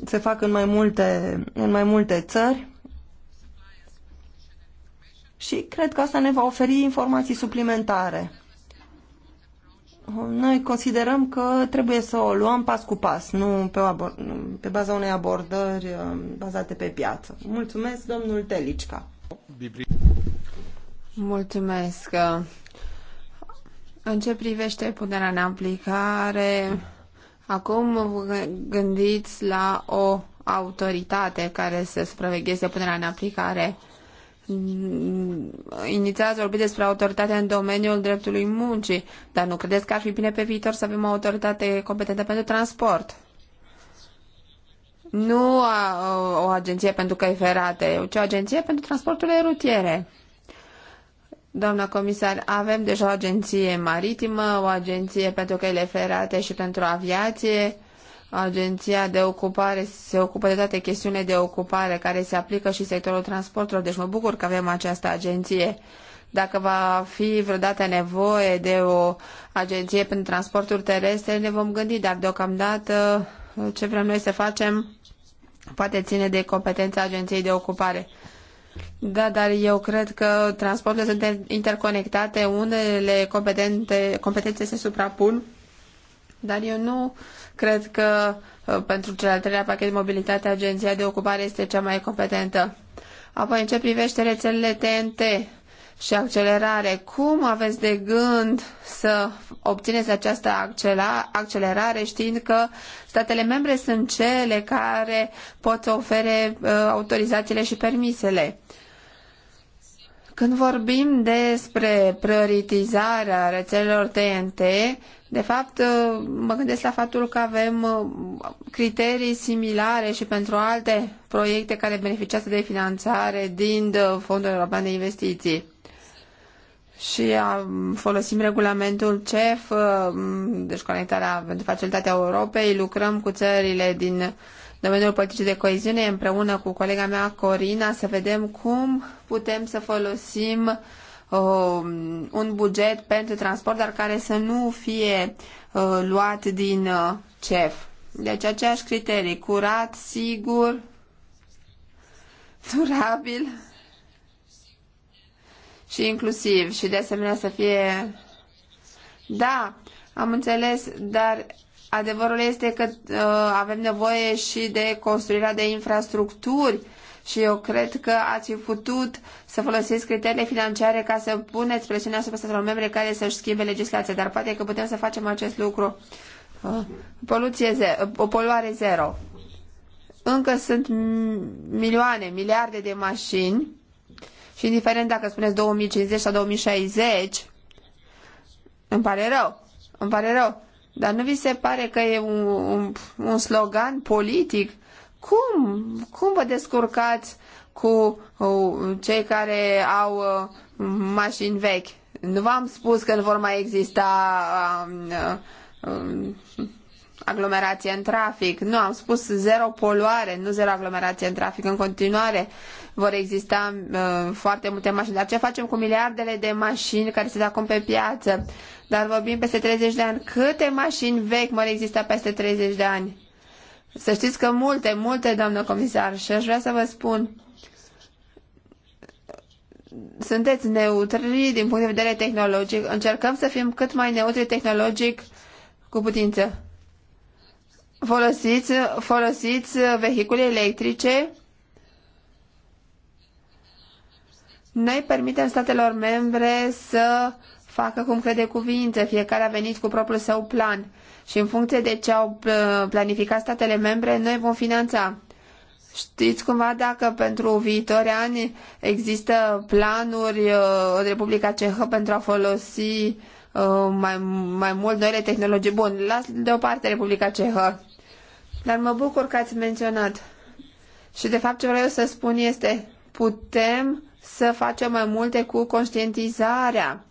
[SPEAKER 4] se fac în mai multe, în mai multe țări și cred că asta ne va oferi informații suplimentare. Noi considerăm că trebuie să o luăm pas cu pas, nu pe, pe baza unei abordări um, bazate pe piață. Mulțumesc, domnul Telicca.
[SPEAKER 1] Mulțumesc. În ce privește puterea în aplicare, Acum vă gândiți la o autoritate care să supravegheze punerea în aplicare. Inițiați vorbiți despre autoritatea în domeniul dreptului muncii, dar nu credeți că ar fi bine pe viitor să avem o autoritate competentă pentru transport? Nu a, o, o agenție pentru căi ferate, ci o agenție pentru transporturile rutiere. Doamna comisar, avem deja o agenție maritimă, o agenție pentru căile ferate și pentru aviație. Agenția de ocupare se ocupă de toate chestiunile de ocupare care se aplică și sectorul transporturilor, deci mă bucur că avem această agenție. Dacă va fi vreodată nevoie de o agenție pentru transporturi terestre, ne vom gândi, dar deocamdată ce vrem noi să facem poate ține de competența agenției de ocupare. Da, dar eu cred că transporturile sunt interconectate, unele competente, competențe se suprapun, dar eu nu cred că uh, pentru cel al treilea pachet mobilitate agenția de ocupare este cea mai competentă. Apoi, în ce privește rețelele TNT și accelerare, cum aveți de gând să obțineți această accelerare știind că statele membre sunt cele care pot ofere uh, autorizațiile și permisele? Când vorbim despre prioritizarea rețelelor TNT, de fapt mă gândesc la faptul că avem uh, criterii similare și pentru alte proiecte care beneficiază de finanțare din uh, Fondul European de Investiții. Și folosim regulamentul CEF, uh, deci conectarea pentru facilitatea Europei, lucrăm cu țările din domeniul politicii de coeziune împreună cu colega mea Corina să vedem cum putem să folosim uh, un buget pentru transport, dar care să nu fie uh, luat din uh, CEF. Deci aceeași criterii, curat, sigur, durabil și inclusiv și de asemenea să fie... Da, am înțeles, dar Adevărul este că uh, avem nevoie și de construirea de infrastructuri și eu cred că ați fi putut să folosiți criteriile financiare ca să puneți presiunea asupra statelor membre care să-și schimbe legislația, dar poate că putem să facem acest lucru. Uh, poluție zero, uh, o poluare zero. Încă sunt milioane, miliarde de mașini și indiferent dacă spuneți 2050 sau 2060, îmi pare rău, îmi pare rău. Dar nu vi se pare că e un, un, un slogan politic? Cum? Cum vă descurcați cu uh, cei care au uh, mașini vechi? Nu v-am spus că nu vor mai exista uh, uh, aglomerație în trafic. Nu, am spus zero poluare, nu zero aglomerație în trafic. În continuare, vor exista uh, foarte multe mașini. Dar ce facem cu miliardele de mașini care sunt acum pe piață? Dar vorbim peste 30 de ani. Câte mașini vechi vor exista peste 30 de ani? Să știți că multe, multe, doamnă comisar, și aș vrea să vă spun, sunteți neutri din punct de vedere tehnologic, încercăm să fim cât mai neutri tehnologic cu putință. Folosiți, folosiți vehicule electrice Noi permitem statelor membre să facă cum crede cuvință, fiecare a venit cu propriul său plan și în funcție de ce au uh, planificat statele membre, noi vom finanța. Știți cumva dacă pentru viitori ani există planuri în uh, Republica Cehă pentru a folosi uh, mai, mai mult noile tehnologii? Bun, las deoparte Republica Cehă. Dar mă bucur că ați menționat. Și de fapt ce vreau să spun este, putem să facem mai multe cu conștientizarea.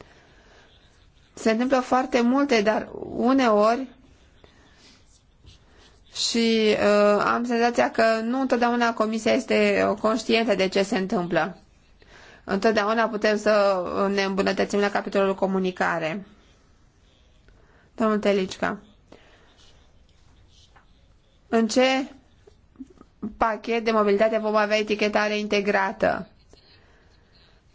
[SPEAKER 1] Se întâmplă foarte multe, dar uneori și uh, am senzația că nu întotdeauna comisia este conștientă de ce se întâmplă. Întotdeauna putem să ne îmbunătățim la capitolul comunicare. Domnul Telicica, în ce pachet de mobilitate vom avea etichetare integrată?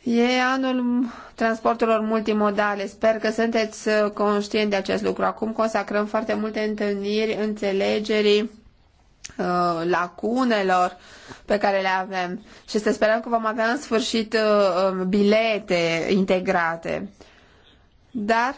[SPEAKER 1] E anul transporturilor multimodale. Sper că sunteți uh, conștient de acest lucru. Acum consacrăm foarte multe întâlniri, înțelegerii, uh, lacunelor pe care le avem și să sperăm că vom avea în sfârșit uh, um, bilete integrate. Dar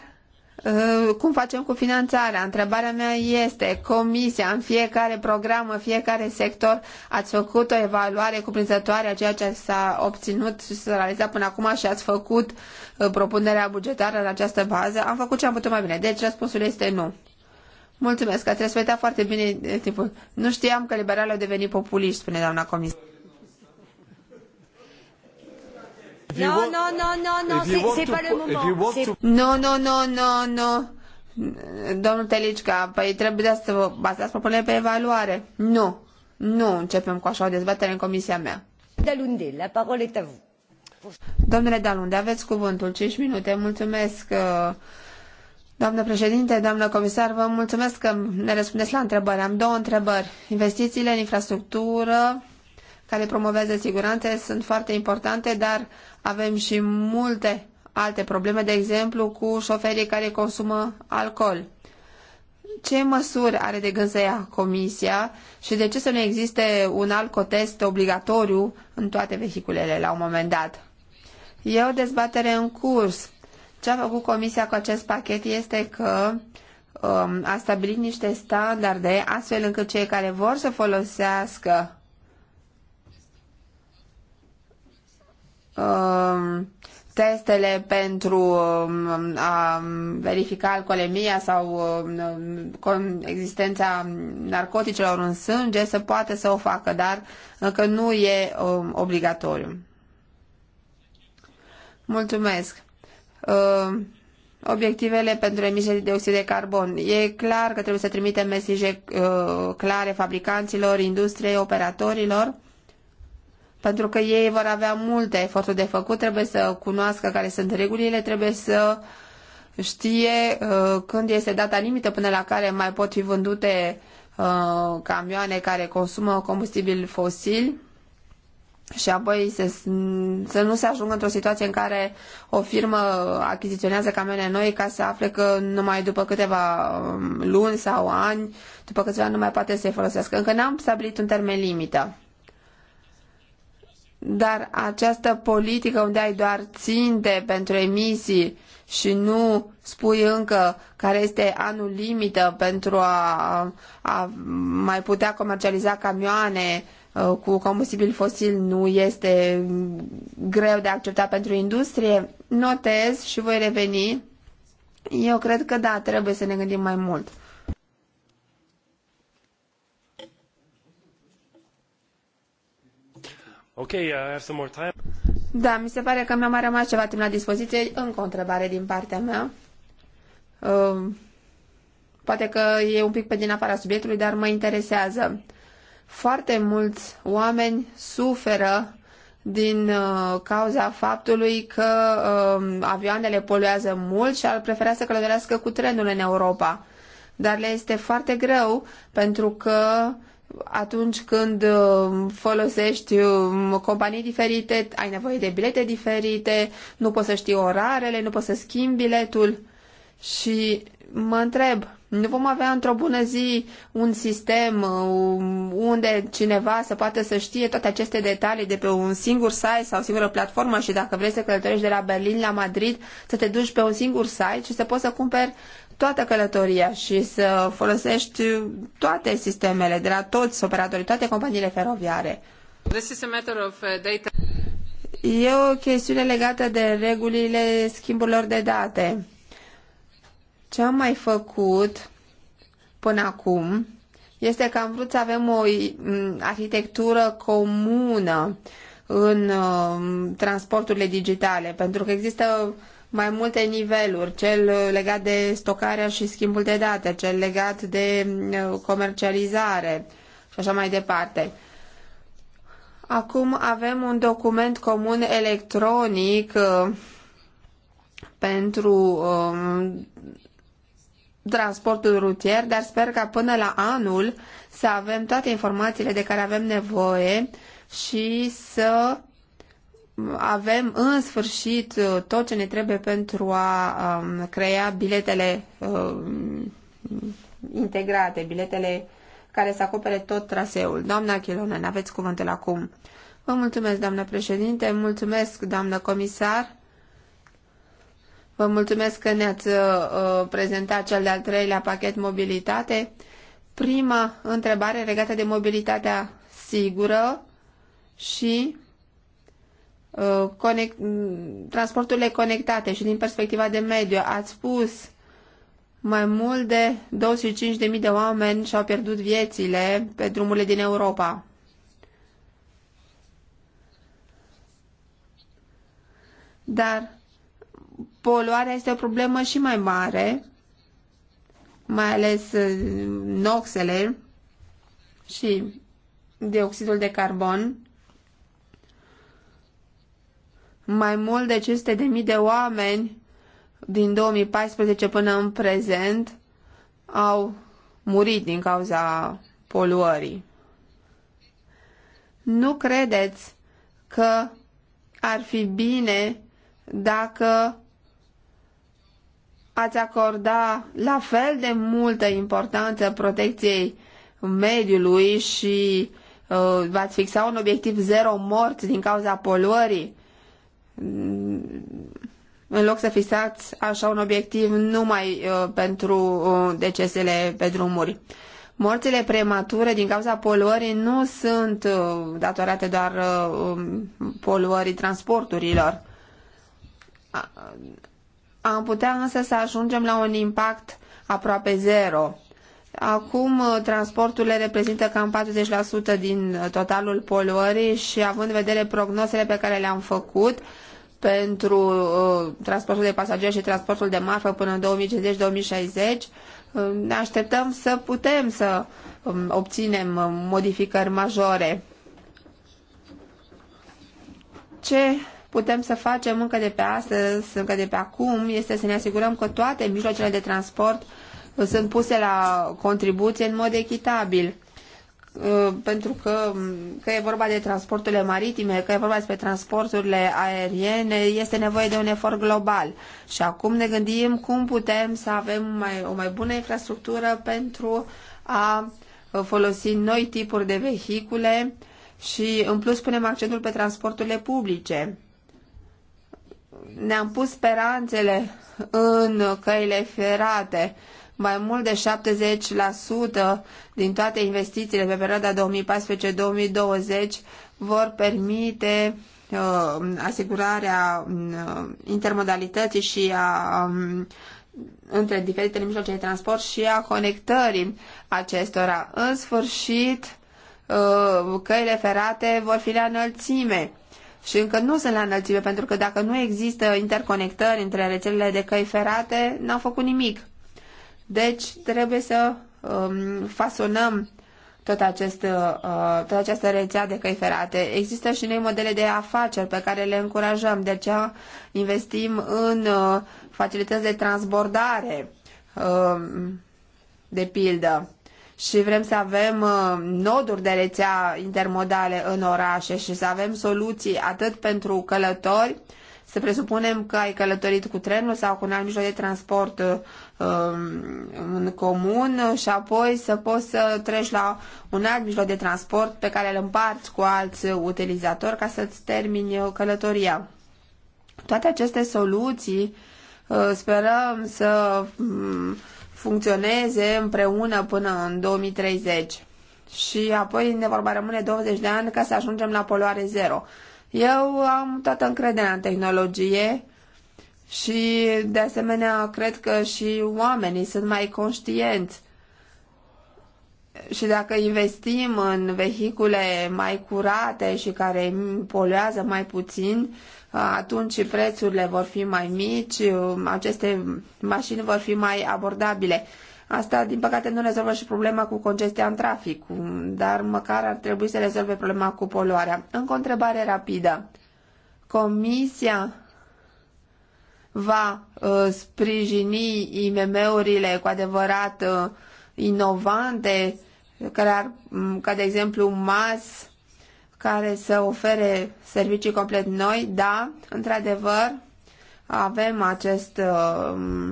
[SPEAKER 1] Uh, cum facem cu finanțarea? Întrebarea mea este, Comisia, în fiecare program, în fiecare sector, ați făcut o evaluare cuprinzătoare a ceea ce s-a obținut și s-a realizat până acum și ați făcut uh, propunerea bugetară în această bază? Am făcut ce am putut mai bine. Deci răspunsul este nu. Mulțumesc, ați respectat foarte bine timpul. Nu știam că liberalul a devenit populist, spune doamna comisar. Non, non, non, non, non, c'est pas le moment. Non, non, non, non, non. Domnul Telicca, păi trebuie să vă bazați propunerea pe evaluare. Nu, nu începem cu așa o dezbatere în comisia mea. Dalunde, la parole este Domnule Dalunde, aveți cuvântul. 5 minute. Mulțumesc, uh, doamnă președinte, doamnă comisar. Vă mulțumesc că ne răspundeți la întrebări. Am două întrebări. Investițiile în infrastructură care promovează siguranțe sunt foarte importante, dar avem și multe alte probleme, de exemplu cu șoferii care consumă alcool. Ce măsuri are de gând să ia Comisia și de ce să nu existe un alcotest obligatoriu în toate vehiculele la un moment dat? E o dezbatere în curs. Ce a făcut Comisia cu acest pachet este că um, a stabilit niște standarde astfel încât cei care vor să folosească Um, testele pentru um, a verifica alcoolemia sau um, existența narcoticelor în sânge se poate să o facă, dar încă nu e obligatoriu. Mulțumesc. obiectivele pentru emisiile de dioxid de carbon. E clar că trebuie să trimitem mesaje uh, clare fabricanților, industriei, operatorilor pentru că ei vor avea multe eforturi de făcut, trebuie să cunoască care sunt regulile, trebuie să știe uh, când este data limită până la care mai pot fi vândute uh, camioane care consumă combustibil fosil și apoi să, să nu se ajungă într-o situație în care o firmă achiziționează camioane noi ca să afle că numai după câteva um, luni sau ani, după câțiva ani nu mai poate să se folosească. Încă n-am stabilit un termen limită. Dar această politică unde ai doar ținte pentru emisii și nu spui încă care este anul limită pentru a, a mai putea comercializa camioane uh, cu combustibil fosil nu este greu de acceptat pentru industrie, notez și voi reveni. Eu cred că da, trebuie să ne gândim mai
[SPEAKER 3] mult. I have some more time.
[SPEAKER 1] Da, mi se pare că mi-a mai rămas ceva timp la dispoziție. Încă o întrebare din partea mea. Uh, poate că e un pic pe din afara subiectului, dar mă interesează. Foarte mulți oameni suferă din uh, cauza faptului că uh, avioanele poluează mult și ar prefera să călătorească cu trenul în Europa. Dar le este foarte greu pentru că uh, atunci când uh, folosești um, companii diferite, ai nevoie de bilete diferite, nu poți să știi orarele, nu poți să schimbi biletul. Și mă întreb, nu vom avea într-o bună zi un sistem uh, unde cineva să poată să știe toate aceste detalii de pe un singur site sau o singură platformă și dacă vrei să călătorești de la Berlin la Madrid, să te duci pe un singur site și să poți să cumperi toată călătoria și să folosești toate sistemele de la toți operatorii, toate companiile feroviare. This is a matter of uh, data. E o chestiune legată de regulile schimburilor de date. Ce am mai făcut până acum este că am vrut să avem o mm, arhitectură comună în uh, transporturile digitale, pentru că există mai multe niveluri, cel legat de stocarea și schimbul de date, cel legat de uh, comercializare și așa mai departe. Acum avem un document comun electronic uh, pentru um, transportul rutier, dar sper ca până la anul să avem toate informațiile de care avem nevoie și să avem în sfârșit tot ce ne trebuie pentru a um, crea biletele um, integrate, biletele care să acopere tot traseul. Doamna Chilonen, aveți cuvântul acum. Vă mulțumesc, doamnă președinte, mulțumesc, doamnă comisar. Vă mulțumesc că ne-ați uh, uh prezentat cel de-al treilea pachet mobilitate. Prima întrebare legată de mobilitatea sigură și Uh, conect, transporturile conectate și din perspectiva de mediu. Ați spus mai mult de 25.000 de oameni și-au pierdut viețile pe drumurile din Europa. Dar poluarea este o problemă și mai mare, mai ales uh, noxele și dioxidul de carbon mai mult de 500.000 de, de oameni din 2014 până în prezent au murit din cauza poluării. Nu credeți că ar fi bine dacă ați acorda la fel de multă importanță protecției mediului și uh, v-ați fixa un obiectiv zero morți din cauza poluării? în loc să fixați așa un obiectiv numai uh, pentru uh, decesele pe drumuri. Morțile premature din cauza poluării nu sunt uh, datorate doar um, poluării transporturilor. Am putea însă să ajungem la un impact aproape zero Acum uh, transporturile reprezintă cam 40% din uh, totalul poluării și având în vedere prognozele pe care le-am făcut pentru uh, transportul de pasageri și transportul de marfă până în 2050-2060, ne uh, așteptăm să putem să um, obținem modificări majore. Ce putem să facem încă de pe astăzi, încă de pe acum, este să ne asigurăm că toate mijloacele de transport sunt puse la contribuție în mod echitabil uh, pentru că, că e vorba de transporturile maritime, că e vorba despre transporturile aeriene, este nevoie de un efort global. Și acum ne gândim cum putem să avem mai, o mai bună infrastructură pentru a folosi noi tipuri de vehicule și, în plus, punem accentul pe transporturile publice. Ne-am pus speranțele în căile ferate mai mult de 70% din toate investițiile pe perioada 2014-2020 vor permite uh, asigurarea uh, intermodalității și a um, între diferitele mijloace de transport și a conectării acestora. În sfârșit, uh, căile ferate vor fi la înălțime și încă nu sunt la înălțime, pentru că dacă nu există interconectări între rețelele de căi ferate, n-au făcut nimic. Deci trebuie să um, fasonăm tot acest, uh, toată această rețea de căi ferate. Există și noi modele de afaceri pe care le încurajăm, de aceea investim în uh, facilități de transbordare, uh, de pildă. Și vrem să avem uh, noduri de rețea intermodale în orașe și să avem soluții atât pentru călători, să presupunem că ai călătorit cu trenul sau cu un alt mijloc de transport uh, um, în comun și apoi să poți să treci la un alt mijloc de transport pe care îl împarți cu alți utilizatori ca să-ți termini uh, călătoria. Toate aceste soluții uh, sperăm să mm, funcționeze împreună până în 2030 și apoi ne vor mai rămâne 20 de ani ca să ajungem la poluare zero. Eu am toată încrederea în tehnologie și, de asemenea, cred că și oamenii sunt mai conștienți. Și dacă investim în vehicule mai curate și care poluează mai puțin, atunci prețurile vor fi mai mici, aceste mașini vor fi mai abordabile. Asta, din păcate, nu rezolvă și problema cu congestia în trafic, dar măcar ar trebui să rezolve problema cu poluarea. Încă o întrebare rapidă. Comisia va uh, sprijini IMM-urile cu adevărat uh, inovante, care ar, um, ca de exemplu MAS, care să ofere servicii complet noi, da, într-adevăr, avem acest uh,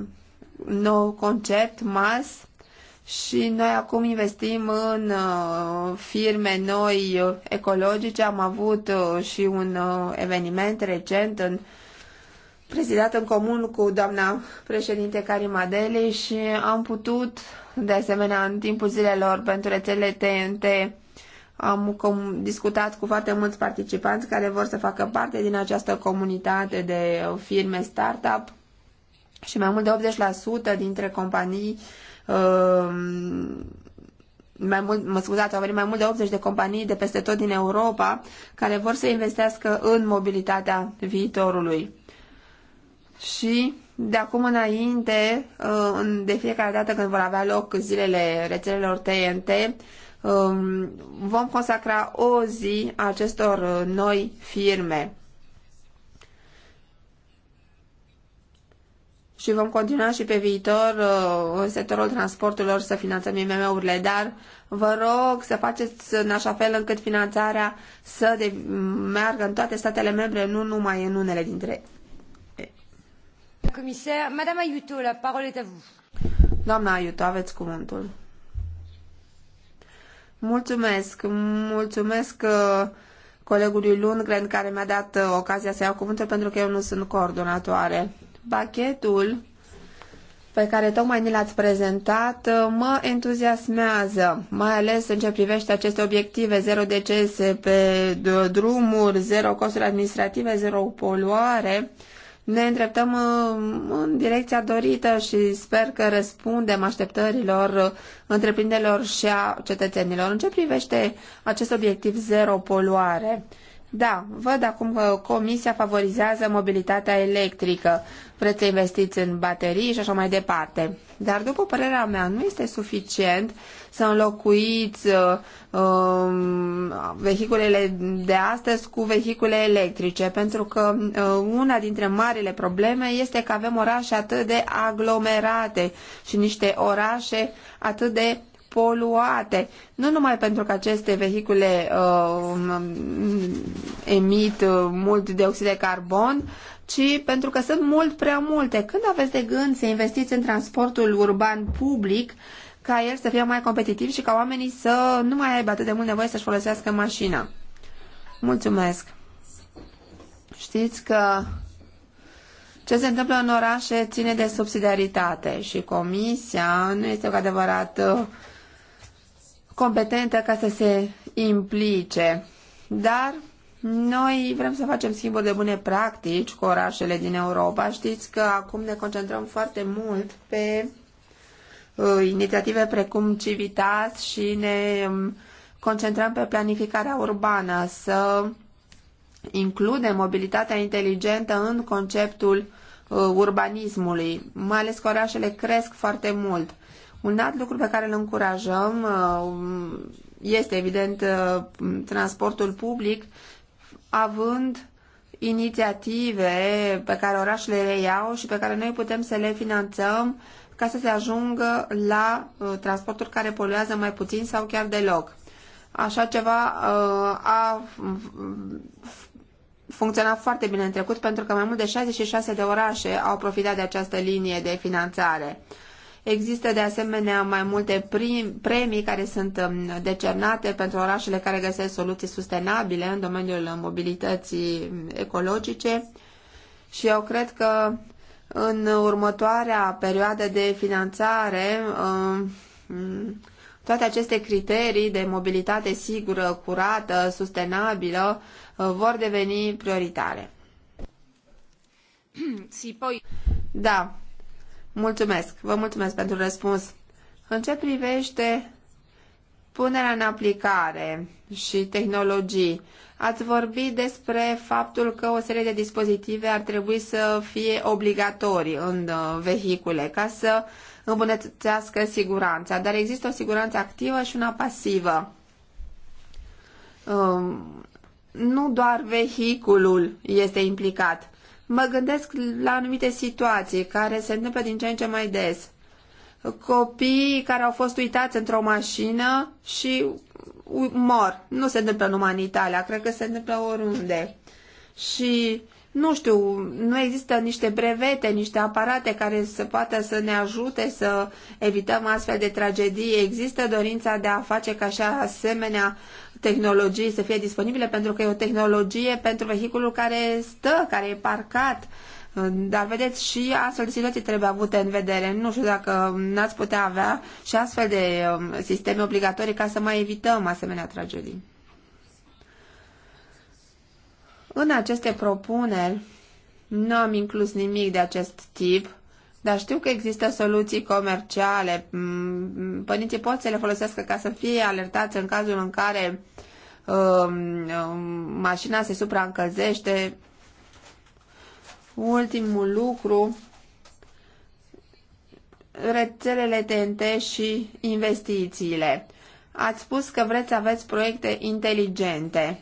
[SPEAKER 1] nou concept, MAS, și noi acum investim în uh, firme noi uh, ecologice. Am avut uh, și un eveniment recent în prezidat în comun cu doamna președinte Carimadeli și am putut, de asemenea, în timpul zilelor pentru rețelele TNT, am discutat cu foarte mulți participanți care vor să facă parte din această comunitate de firme startup și mai mult de 80% dintre companii um, mai mult, mă scuzați, au venit mai mult de 80 de companii de peste tot din Europa care vor să investească în mobilitatea viitorului. Și de acum înainte, uh, de fiecare dată când vor avea loc zilele rețelelor TNT, um, vom consacra o zi acestor uh, noi firme. și vom continua și pe viitor uh, în sectorul transporturilor să finanțăm IMM-urile, dar vă rog să faceți în așa fel încât finanțarea să de- meargă în toate statele membre, nu numai în unele dintre
[SPEAKER 3] Comisar, Madame Ayuto, la parole est à vous.
[SPEAKER 1] Doamna Ayuto, aveți cuvântul. Mulțumesc, mulțumesc uh, colegului Lundgren care mi-a dat uh, ocazia să iau cuvântul pentru că eu nu sunt coordonatoare. Pachetul pe care tocmai ni l-ați prezentat uh, mă entuziasmează, mai ales în ce privește aceste obiective, zero decese pe drumuri, zero costuri administrative, zero poluare. Ne îndreptăm uh, în direcția dorită și sper că răspundem așteptărilor uh, întreprinderilor și a cetățenilor. În ce privește acest obiectiv zero poluare? Da, văd acum că Comisia favorizează mobilitatea electrică, vreți să investiți în baterii și așa mai departe. Dar, după părerea mea, nu este suficient să înlocuiți uh, uh, vehiculele de astăzi cu vehicule electrice, pentru că uh, una dintre marile probleme este că avem orașe atât de aglomerate și niște orașe atât de poluate, nu numai pentru că aceste vehicule uh, emit uh, mult dioxid de carbon, ci pentru că sunt mult prea multe. Când aveți de gând să investiți în transportul urban public, ca el să fie mai competitiv și ca oamenii să nu mai aibă atât de mult nevoie să-și folosească mașina. Mulțumesc! Știți că ce se întâmplă în orașe ține de subsidiaritate și comisia nu este cu adevărat uh, competentă ca să se implice, dar noi vrem să facem schimburi de bune practici cu orașele din Europa. Știți că acum ne concentrăm foarte mult pe uh, inițiative precum Civitas și ne um, concentrăm pe planificarea urbană, să includem mobilitatea inteligentă în conceptul uh, urbanismului, mai ales că orașele cresc foarte mult. Un alt lucru pe care îl încurajăm uh, este evident uh, transportul public, având inițiative pe care orașele le iau și pe care noi putem să le finanțăm ca să se ajungă la uh, transporturi care poluează mai puțin sau chiar deloc. Așa ceva a funcționat foarte bine în trecut pentru că mai mult de 66 de orașe au profitat de această linie de finanțare. Există de asemenea mai multe prim, premii care sunt um, decernate pentru orașele care găsesc soluții sustenabile în domeniul mobilității um, ecologice și eu cred că în următoarea perioadă de finanțare um, toate aceste criterii de mobilitate sigură, curată, sustenabilă uh, vor deveni prioritare. Da. Mulțumesc, vă mulțumesc pentru răspuns. În ce privește punerea în aplicare și tehnologii, ați vorbit despre faptul că o serie de dispozitive ar trebui să fie obligatorii în uh, vehicule ca să îmbunătățească siguranța, dar există o siguranță activă și una pasivă. Um, nu doar vehiculul este implicat. Mă gândesc la anumite situații care se întâmplă din ce în ce mai des. Copii care au fost uitați într-o mașină și mor. Nu se întâmplă numai în Italia, cred că se întâmplă oriunde. Și nu știu, nu există niște brevete, niște aparate care să poată să ne ajute să evităm astfel de tragedii. Există dorința de a face ca și asemenea tehnologii să fie disponibile, pentru că e o tehnologie pentru vehiculul care stă, care e parcat. Dar vedeți, și astfel de situații trebuie avute în vedere. Nu știu dacă n-ați putea avea și astfel de um, sisteme obligatorii ca să mai evităm asemenea tragedii. În aceste propuneri nu am inclus nimic de acest tip dar știu că există soluții comerciale. Mm, părinții pot să le folosească ca să fie alertați în cazul în care uh, mașina se supraîncălzește. Ultimul lucru, rețelele TNT și investițiile. Ați spus că vreți să aveți proiecte inteligente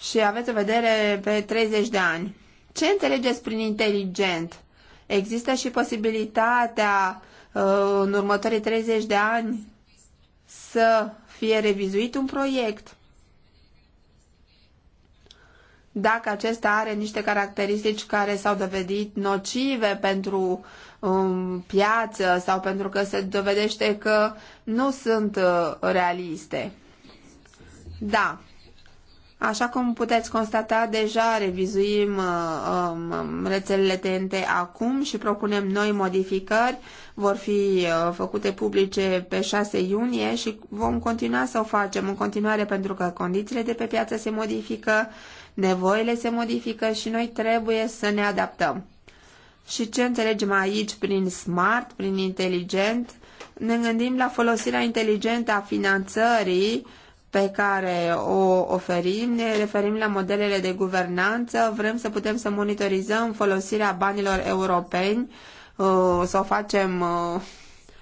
[SPEAKER 1] și aveți o vedere pe 30 de ani. Ce înțelegeți prin inteligent? Există și posibilitatea uh, în următorii 30 de ani să fie revizuit un proiect dacă acesta are niște caracteristici care s-au dovedit nocive pentru um, piață sau pentru că se dovedește că nu sunt uh, realiste. Da, Așa cum puteți constata, deja revizuim uh, um, rețelele TNT acum și propunem noi modificări. Vor fi uh, făcute publice pe 6 iunie și vom continua să o facem în continuare pentru că condițiile de pe piață se modifică, nevoile se modifică și noi trebuie să ne adaptăm. Și ce înțelegem aici prin smart, prin inteligent? Ne gândim la folosirea inteligentă a finanțării pe care o oferim, ne referim la modelele de guvernanță, vrem să putem să monitorizăm folosirea banilor europeni, uh, să o facem uh,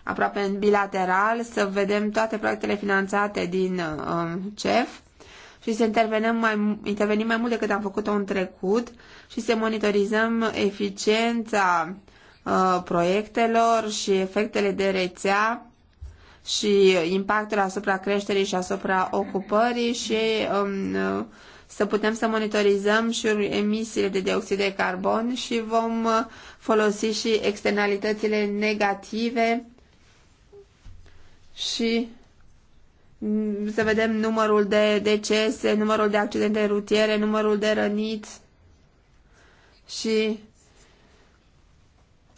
[SPEAKER 1] aproape în bilateral, să vedem toate proiectele finanțate din uh, CEF și să intervenim mai, intervenim mai mult decât am făcut-o în trecut și să monitorizăm eficiența proiectelor și efectele de rețea și impactul asupra creșterii și asupra ocupării și um, să putem să monitorizăm și emisiile de dioxid de carbon și vom uh, folosi și externalitățile negative și mm, să vedem numărul de decese, numărul de accidente rutiere, numărul de răniți și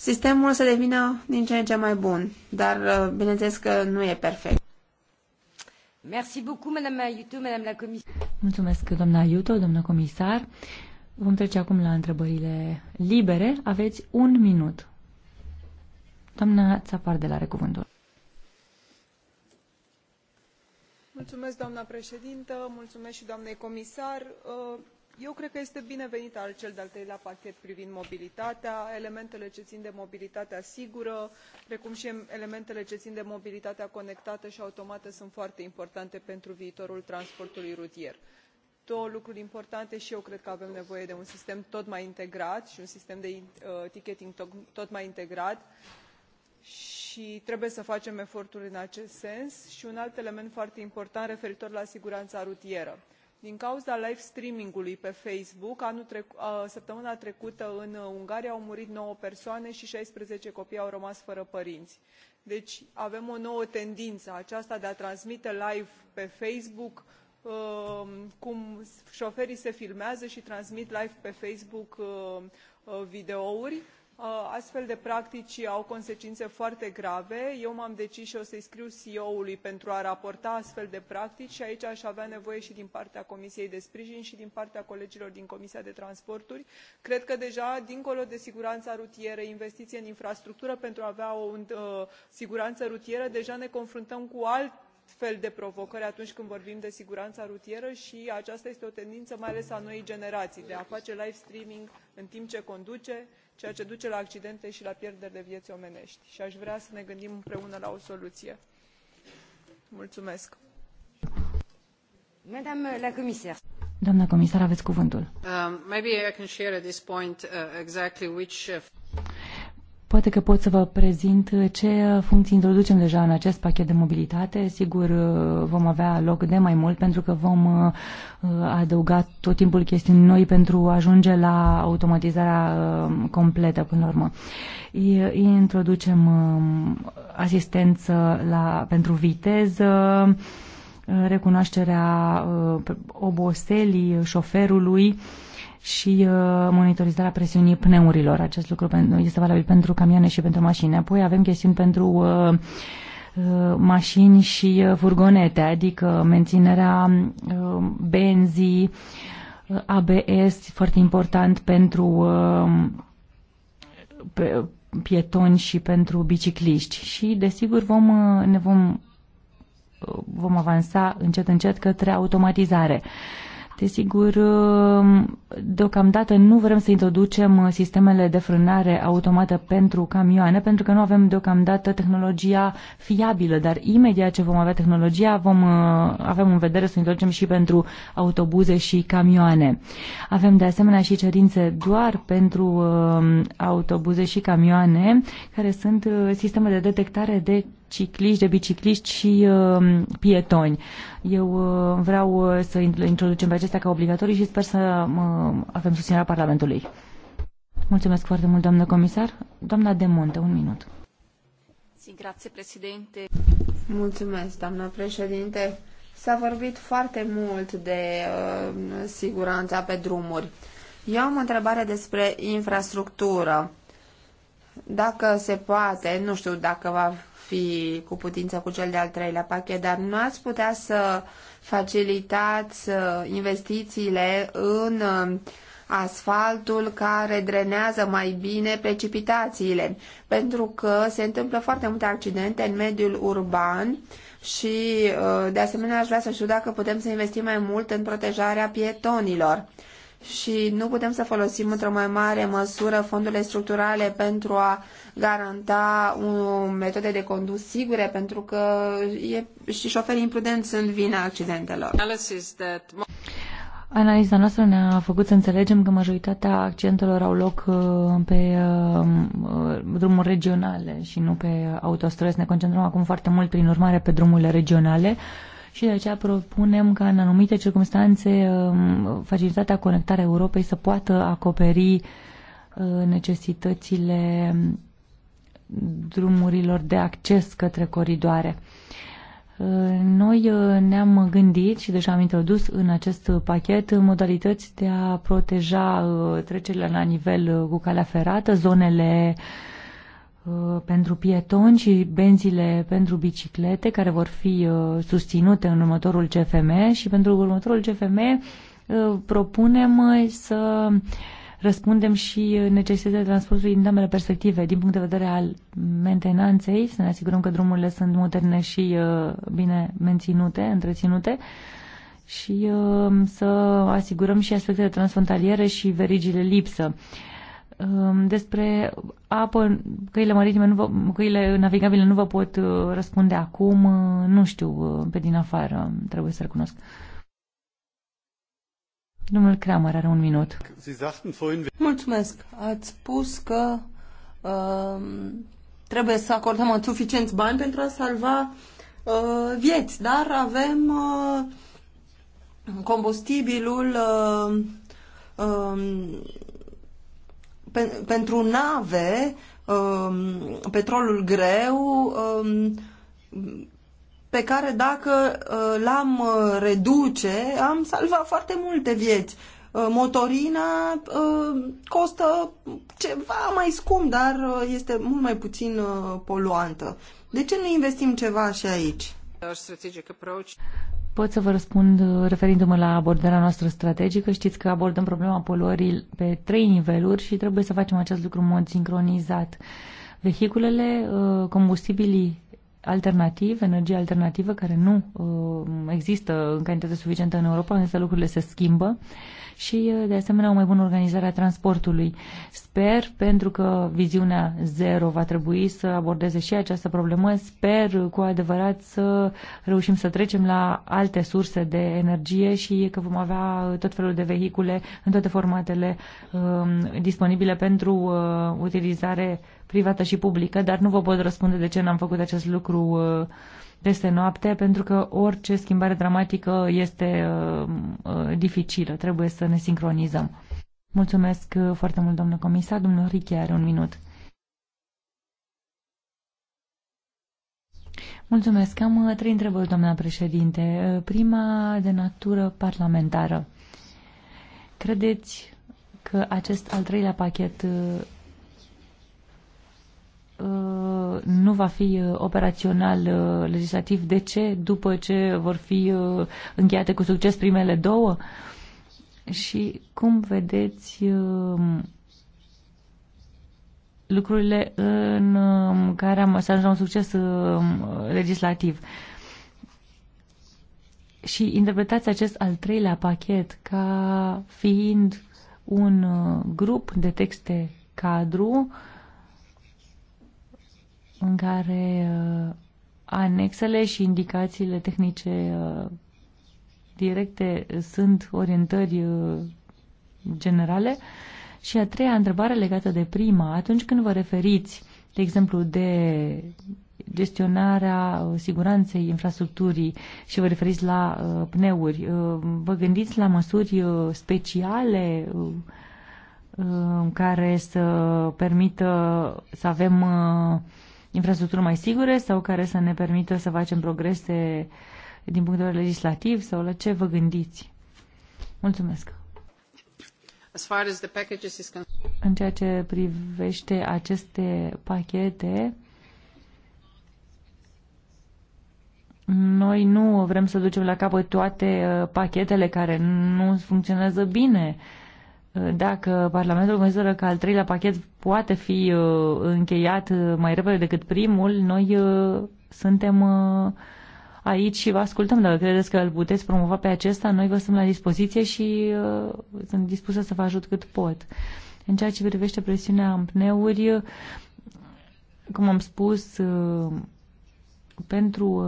[SPEAKER 1] sistemul să devină din ce în ce
[SPEAKER 3] mai bun, dar uh, bineînțeles că nu e perfect. Mulțumesc, doamna Ayuto, doamna comisar. Vom trece acum la întrebările libere. Aveți un minut. Doamna Țapar de la Recuvântul.
[SPEAKER 2] Mulțumesc, doamna președintă, mulțumesc și doamnei comisar. Uh, eu cred că este binevenit cel de al treilea pachet privind mobilitatea elementele ce țin de mobilitatea sigură precum și elementele ce țin de mobilitatea conectată și automată sunt foarte importante pentru viitorul transportului rutier două lucruri importante și eu cred că avem nevoie de un sistem tot mai integrat și un sistem de uh, ticketing tot mai integrat și trebuie să facem eforturi în acest sens și un alt element foarte important referitor la siguranța rutieră din cauza live streaming ului pe facebook săptămâna trecută în uh, ungaria au murit nouă persoane și șaisprezece copii au rămas fără părinți. deci avem o nouă tendință aceasta de a transmite live pe facebook um, cum șoferii se filmează și transmit live pe facebook uh, uh, videouri. Uh, astfel de practici au consecințe foarte grave eu m am decis și o să i scriu ceo ului pentru a raporta astfel de practici și aici aș avea nevoie și din partea comisiei de sprijin și din partea colegilor din comisia pentru transporturi. cred că deja dincolo de siguranța rutieră investiții în infrastructură pentru a avea o uh, siguranță rutieră deja ne confruntăm cu alt fel de provocări atunci când vorbim de siguranța rutieră și aceasta este o tendință mai ales a noii generații de a face live streaming în timp ce conduce ceea ce duce la accidente și la pierderi de vieți omeneti Și aș vrea să ne gândim împreună la o soluție. Mulțumesc.
[SPEAKER 3] comisar. aveți cuvântul.
[SPEAKER 2] Um, maybe I can share
[SPEAKER 1] at this point uh, exactly which uh,
[SPEAKER 3] Poate că pot să vă prezint uh, ce uh, funcții introducem deja în acest pachet de mobilitate. Sigur, uh, vom avea loc de mai mult pentru că vom adăuga tot timpul chestiuni noi pentru a ajunge la automatizarea completă până la urmă. Introducem um, asistență la, pentru viteză, recunoașterea oboselii șoferului, și uh, monitorizarea presiunii pneurilor. Acest lucru este valabil pentru camioane și pentru mașini. Apoi avem chestiuni pentru uh, uh, mașini și furgonete, adică menținerea benzii, ABS, foarte important pentru pietoni și pentru bicicliști. Și, desigur, vom, ne vom, vom avansa încet, încet către automatizare. Desigur, um, deocamdată nu vrem să introducem uh, sistemele de frânare automată pentru camioane, pentru că nu avem deocamdată tehnologia fiabilă, dar imediat ce vom avea tehnologia, vom, uh, avem în vedere să introducem și pentru autobuze și camioane. Avem de asemenea și cerințe doar pentru um, autobuze și camioane, care sunt uh, sisteme de detectare de cicliști, de bicicliști și uh, pietoni. Eu uh, vreau uh, să introducem pe acestea ca obligatorii și sper să uh, avem susținerea Parlamentului. Mulțumesc foarte mult, doamnă comisar. Doamna De Monte, un minut.
[SPEAKER 1] Grazie, președinte. Mulțumesc, doamnă președinte. S-a vorbit foarte mult de uh, siguranța pe drumuri. Eu am o întrebare despre infrastructură. Dacă se poate, nu știu dacă va fi cu putință cu cel de-al treilea pachet, dar nu ați putea să facilitați uh, investițiile în uh, asfaltul care drenează mai bine precipitațiile, pentru că se întâmplă foarte multe accidente în mediul urban și uh, de asemenea aș vrea să știu dacă putem să investim mai mult în protejarea pietonilor și nu putem să folosim într-o mai mare măsură fondurile structurale pentru a garanta o metode de condus sigure, pentru că e, și șoferii imprudenți sunt vina accidentelor.
[SPEAKER 3] Analiza noastră ne-a făcut să înțelegem că majoritatea accidentelor au loc uh, pe uh, drumuri regionale și nu pe autostrăzi. Ne concentrăm acum foarte mult, prin urmare, pe drumurile regionale și de aceea propunem ca în anumite circunstanțe um, facilitatea conectarea Europei să poată acoperi uh, necesitățile drumurilor de acces către coridoare. Uh, noi uh, ne-am gândit și deja am introdus în acest pachet modalități de a proteja trecerile la nivel cu calea ferată, zonele uh, Uh, pentru pietoni și benzile pentru biciclete care vor fi uh, susținute în următorul CFM și pentru următorul CFM uh, propunem să răspundem și necesitatea transportului din ambele perspective, din punct de vedere al mentenanței, să ne asigurăm că drumurile sunt moderne și bine menținute, întreținute și să asigurăm și aspectele transfrontaliere și verigile lipsă Um, despre apă, căile maritime, nu vă, căile navigabile nu vă pot uh, răspunde acum, uh, nu știu, uh, pe din afară, trebuie să recunosc. Domnul Kramer are un minut.
[SPEAKER 4] Mulțumesc. Ați spus că uh, trebuie să acordăm suficienți bani pentru a salva uh, vieți, dar avem uh, combustibilul uh, uh, pentru nave, um, petrolul greu, um, pe care dacă uh, l-am uh, reduce, am salvat foarte multe vieți. Uh, motorina uh, costă ceva mai scump, dar uh, este mult mai puțin poluantă. De ce nu investim ceva și aici?
[SPEAKER 3] Pot să vă răspund uh, referindu-mă la abordarea noastră strategică. Știți că abordăm problema poluării pe trei niveluri și trebuie să facem acest lucru în mod sincronizat. Vehiculele, uh, combustibilii alternativ, energie alternativă, care nu uh, există în cantitate suficientă în Europa, însă lucrurile se schimbă și, uh, de asemenea, o mai bună organizare a transportului. Sper, pentru că viziunea zero va trebui să abordeze și această problemă, sper cu adevărat să reușim să trecem la alte surse de energie și că vom avea uh, tot felul de vehicule în toate formatele um, disponibile pentru uh, utilizare privată și publică, dar nu vă pot răspunde de ce n-am făcut acest lucru uh, peste noapte, pentru că orice schimbare dramatică este uh, uh, dificilă. Trebuie să ne sincronizăm. Mulțumesc foarte mult, domnul comisar. Domnul Riche are un minut. Mulțumesc. Am trei întrebări, doamna președinte. Prima de natură parlamentară. Credeți că acest al treilea pachet nu va fi uh, operațional uh, legislativ. De ce? După ce vor fi uh, încheiate cu succes primele două? Și cum vedeți um, lucrurile în um, care am să ajungem un succes um, legislativ? Și interpretați acest al treilea pachet ca fiind un grup de texte cadru uh, în care uh, anexele și indicațiile tehnice uh, directe sunt orientări uh, generale. Și a treia întrebare legată de prima, atunci când vă referiți, de exemplu, de gestionarea siguranței infrastructurii și vă referiți la pneuri, vă gândiți la măsuri speciale care să permită să avem infrastructuri mai sigure sau care să ne permită să facem progrese din punct de vedere legislativ sau la ce vă gândiți? Mulțumesc! În ceea ce privește aceste pachete, noi nu vrem să ducem la capăt toate uh, pachetele care nu funcționează bine. Uh, dacă Parlamentul consideră că al treilea pachet poate fi uh, încheiat uh, mai repede decât primul, noi uh, suntem aici și vă ascultăm. Dacă credeți că îl puteți promova pe acesta, noi vă suntem la dispoziție și sunt dispusă să vă ajut cât pot. În ceea ce privește presiunea în pneuri, cum am spus, pentru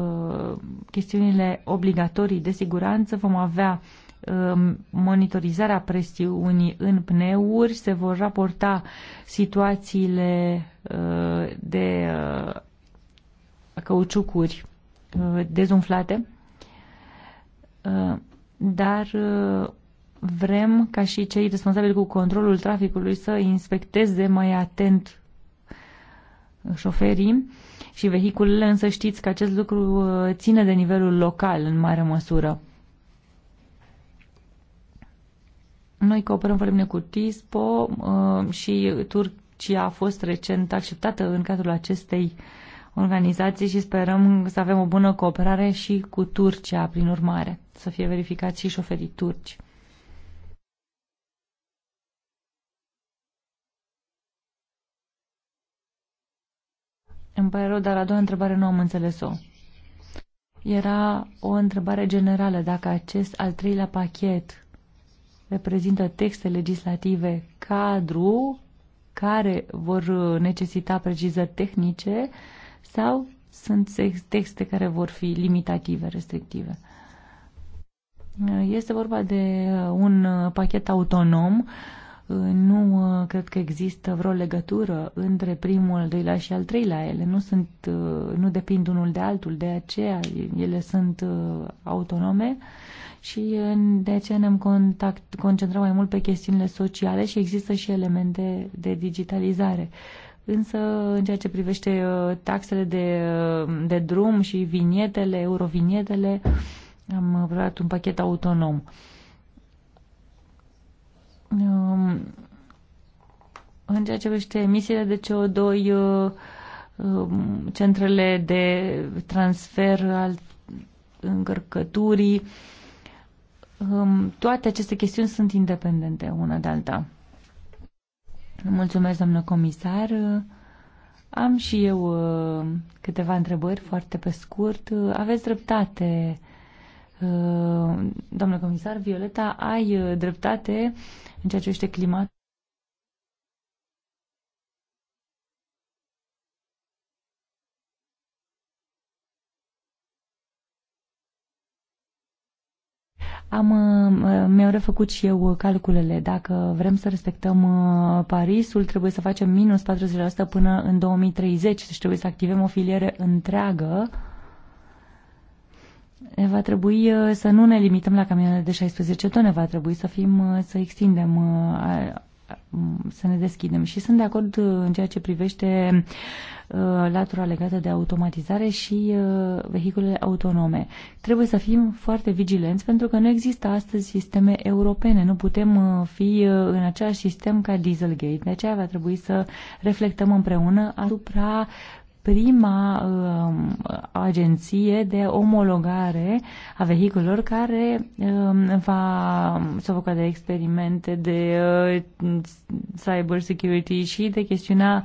[SPEAKER 3] chestiunile obligatorii de siguranță vom avea Um, monitorizarea presiunii în pneuri, se vor raporta situațiile uh, de uh, căuciucuri uh, dezumflate, dar vrem ca și cei responsabili cu controlul traficului să inspecteze mai atent șoferii și vehiculele, însă știți că acest lucru ține de nivelul local în mare măsură. Noi cooperăm foarte bine cu TISPO uh, și Turcia a fost recent acceptată în cadrul acestei organizații și sperăm să avem o bună cooperare și cu Turcia, prin urmare, să fie verificați și șoferii turci. Îmi pare rău, dar a doua întrebare nu am înțeles-o. Era o întrebare generală dacă acest al treilea pachet reprezintă texte legislative cadru care vor necesita precizări tehnice sau sunt texte care vor fi limitative, restrictive. Este vorba de un pachet autonom. Nu cred că există vreo legătură între primul, al doilea și al treilea. Ele nu, sunt, nu depind unul de altul, de aceea ele sunt uh, autonome și de ce ne-am concentrat mai mult pe chestiunile sociale și există și elemente de digitalizare. Însă, în ceea ce privește uh, taxele de, uh, de drum și vinietele, eurovinietele, am vrut un pachet autonom. Um, în ceea ce privește emisiile de CO2, uh, um, centrele de transfer al încărcăturii, toate aceste chestiuni sunt independente una de alta. Mulțumesc, doamnă comisar. Am și eu uh, câteva întrebări foarte pe scurt. Aveți dreptate, uh, doamnă comisar Violeta, ai uh, dreptate în ceea ce este climat. Am, uh, mi-au refăcut și eu calculele. Dacă vrem să respectăm uh, Parisul, trebuie să facem minus 40% până în 2030, deci trebuie să activăm o filiere întreagă. Va trebui uh, să nu ne limităm la camioane de 16 tone, va trebui să fim, să extindem să ne deschidem. Și sunt de acord uh, în ceea ce privește uh, latura legată de automatizare și uh, vehiculele autonome. Trebuie să fim foarte vigilenți pentru că nu există astăzi sisteme europene. Nu putem fi în același sistem ca Dieselgate. De aceea va trebui să reflectăm împreună asupra prima um, agenție de omologare a vehiculelor care um, va se ocupa de experimente de uh, cyber security și de chestiunea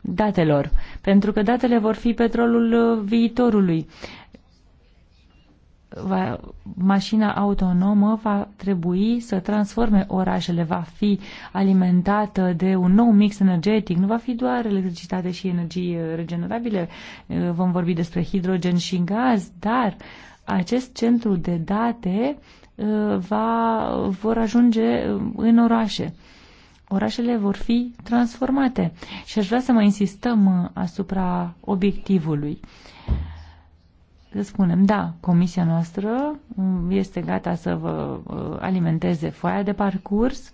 [SPEAKER 3] datelor, pentru că datele vor fi petrolul uh, viitorului va, mașina autonomă va trebui să transforme orașele, va fi alimentată de un nou mix energetic, nu va fi doar electricitate și energii uh, regenerabile, uh, vom vorbi despre hidrogen și gaz, dar acest centru de date uh, va, vor ajunge în orașe. Orașele vor fi transformate și aș vrea să mai insistăm asupra obiectivului spunem, da, comisia noastră mm, este gata să vă uh, alimenteze foaia de parcurs.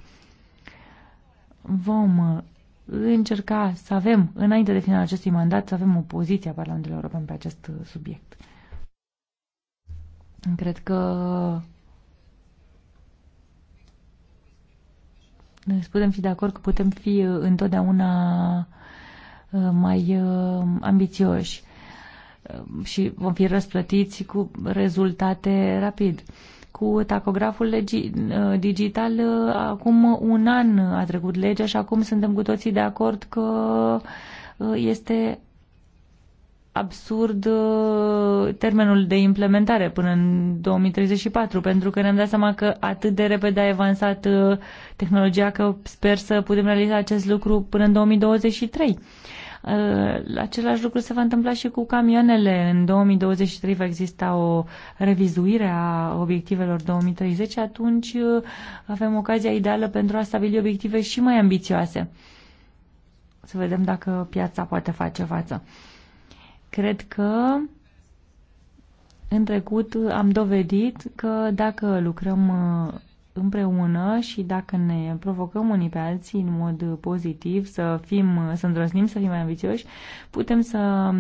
[SPEAKER 3] Vom uh, încerca să avem, înainte de finalul acestui mandat, să avem o poziție a Parlamentului European pe acest uh, subiect. Cred că ne putem fi de acord că putem fi întotdeauna mai ambițioși. Um, și vom fi răsplătiți cu rezultate rapid. Cu tacograful uh, digital, uh, acum un an a trecut legea și acum suntem cu toții de acord că uh, este absurd termenul de implementare până în 2034, pentru că ne-am dat seama că atât de repede a avansat tehnologia că sper să putem realiza acest lucru până în 2023. Uh, același lucru se va întâmpla și cu camioanele. În 2023 va exista o revizuire a obiectivelor 2030, atunci uh, avem ocazia ideală pentru a stabili obiective și mai ambițioase. Să vedem dacă piața poate face față. Cred că în trecut am dovedit că dacă lucrăm uh, împreună și dacă ne provocăm unii pe alții în mod pozitiv, să fim, să îndrăznim, să fim mai ambițioși, putem să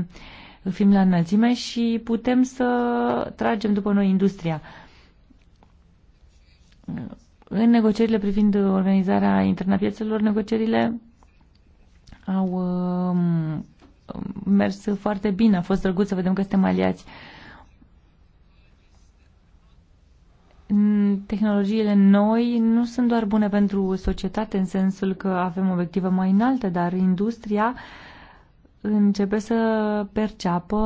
[SPEAKER 3] fim la înălțime și putem să tragem după noi industria. În negocierile privind organizarea interna piețelor, negocierile au um, mers foarte bine. A fost drăguț să vedem că suntem aliați uh, Mm, tehnologiile noi nu sunt doar bune pentru societate în sensul că avem obiective mai înalte, dar industria începe să perceapă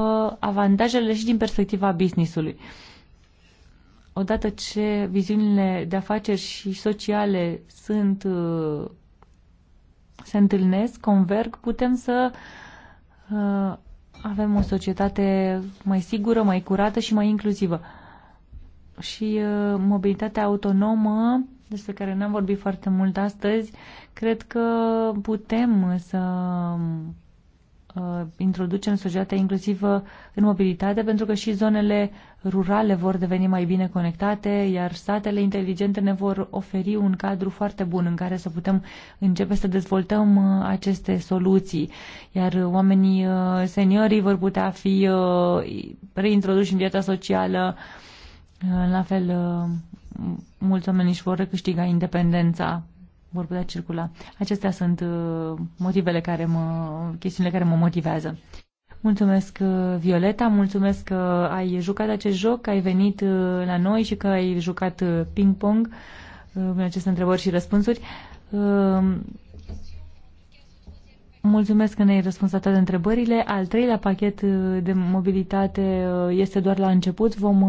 [SPEAKER 3] avantajele și din perspectiva businessului. Odată ce viziunile de afaceri și sociale sunt se întâlnesc, converg, putem să uh, avem o societate mai sigură, mai curată și mai inclusivă și uh, mobilitatea autonomă, despre care n-am vorbit foarte mult astăzi, cred că putem să uh, introducem societatea inclusivă în mobilitate, pentru că și zonele rurale vor deveni mai bine conectate, iar satele inteligente ne vor oferi un cadru foarte bun în care să putem începe să dezvoltăm uh, aceste soluții, iar oamenii seniorii vor putea fi reintroduși în viața socială, la fel, uh, mulți oameni își vor recâștiga independența, vor putea circula. Acestea sunt uh, motivele care mă, chestiunile care mă motivează. Mulțumesc, uh, Violeta, mulțumesc că ai jucat acest joc, că ai venit la noi și că ai jucat ping-pong în aceste întrebări și răspunsuri. Mulțumesc că ne-ai răspuns atât de întrebările. Al treilea pachet de mobilitate este doar la început. Vom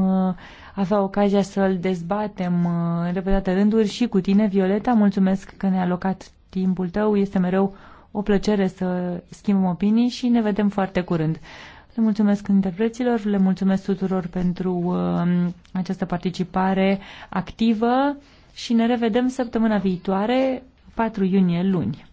[SPEAKER 3] avea ocazia să-l dezbatem uh, în repetate rânduri și cu tine, Violeta. Mulțumesc că ne-a alocat timpul tău. Este mereu o plăcere să schimbăm opinii și ne vedem foarte curând. Le mulțumesc interpreților, le mulțumesc tuturor pentru uh, această participare activă și ne revedem săptămâna viitoare, 4 iunie, luni.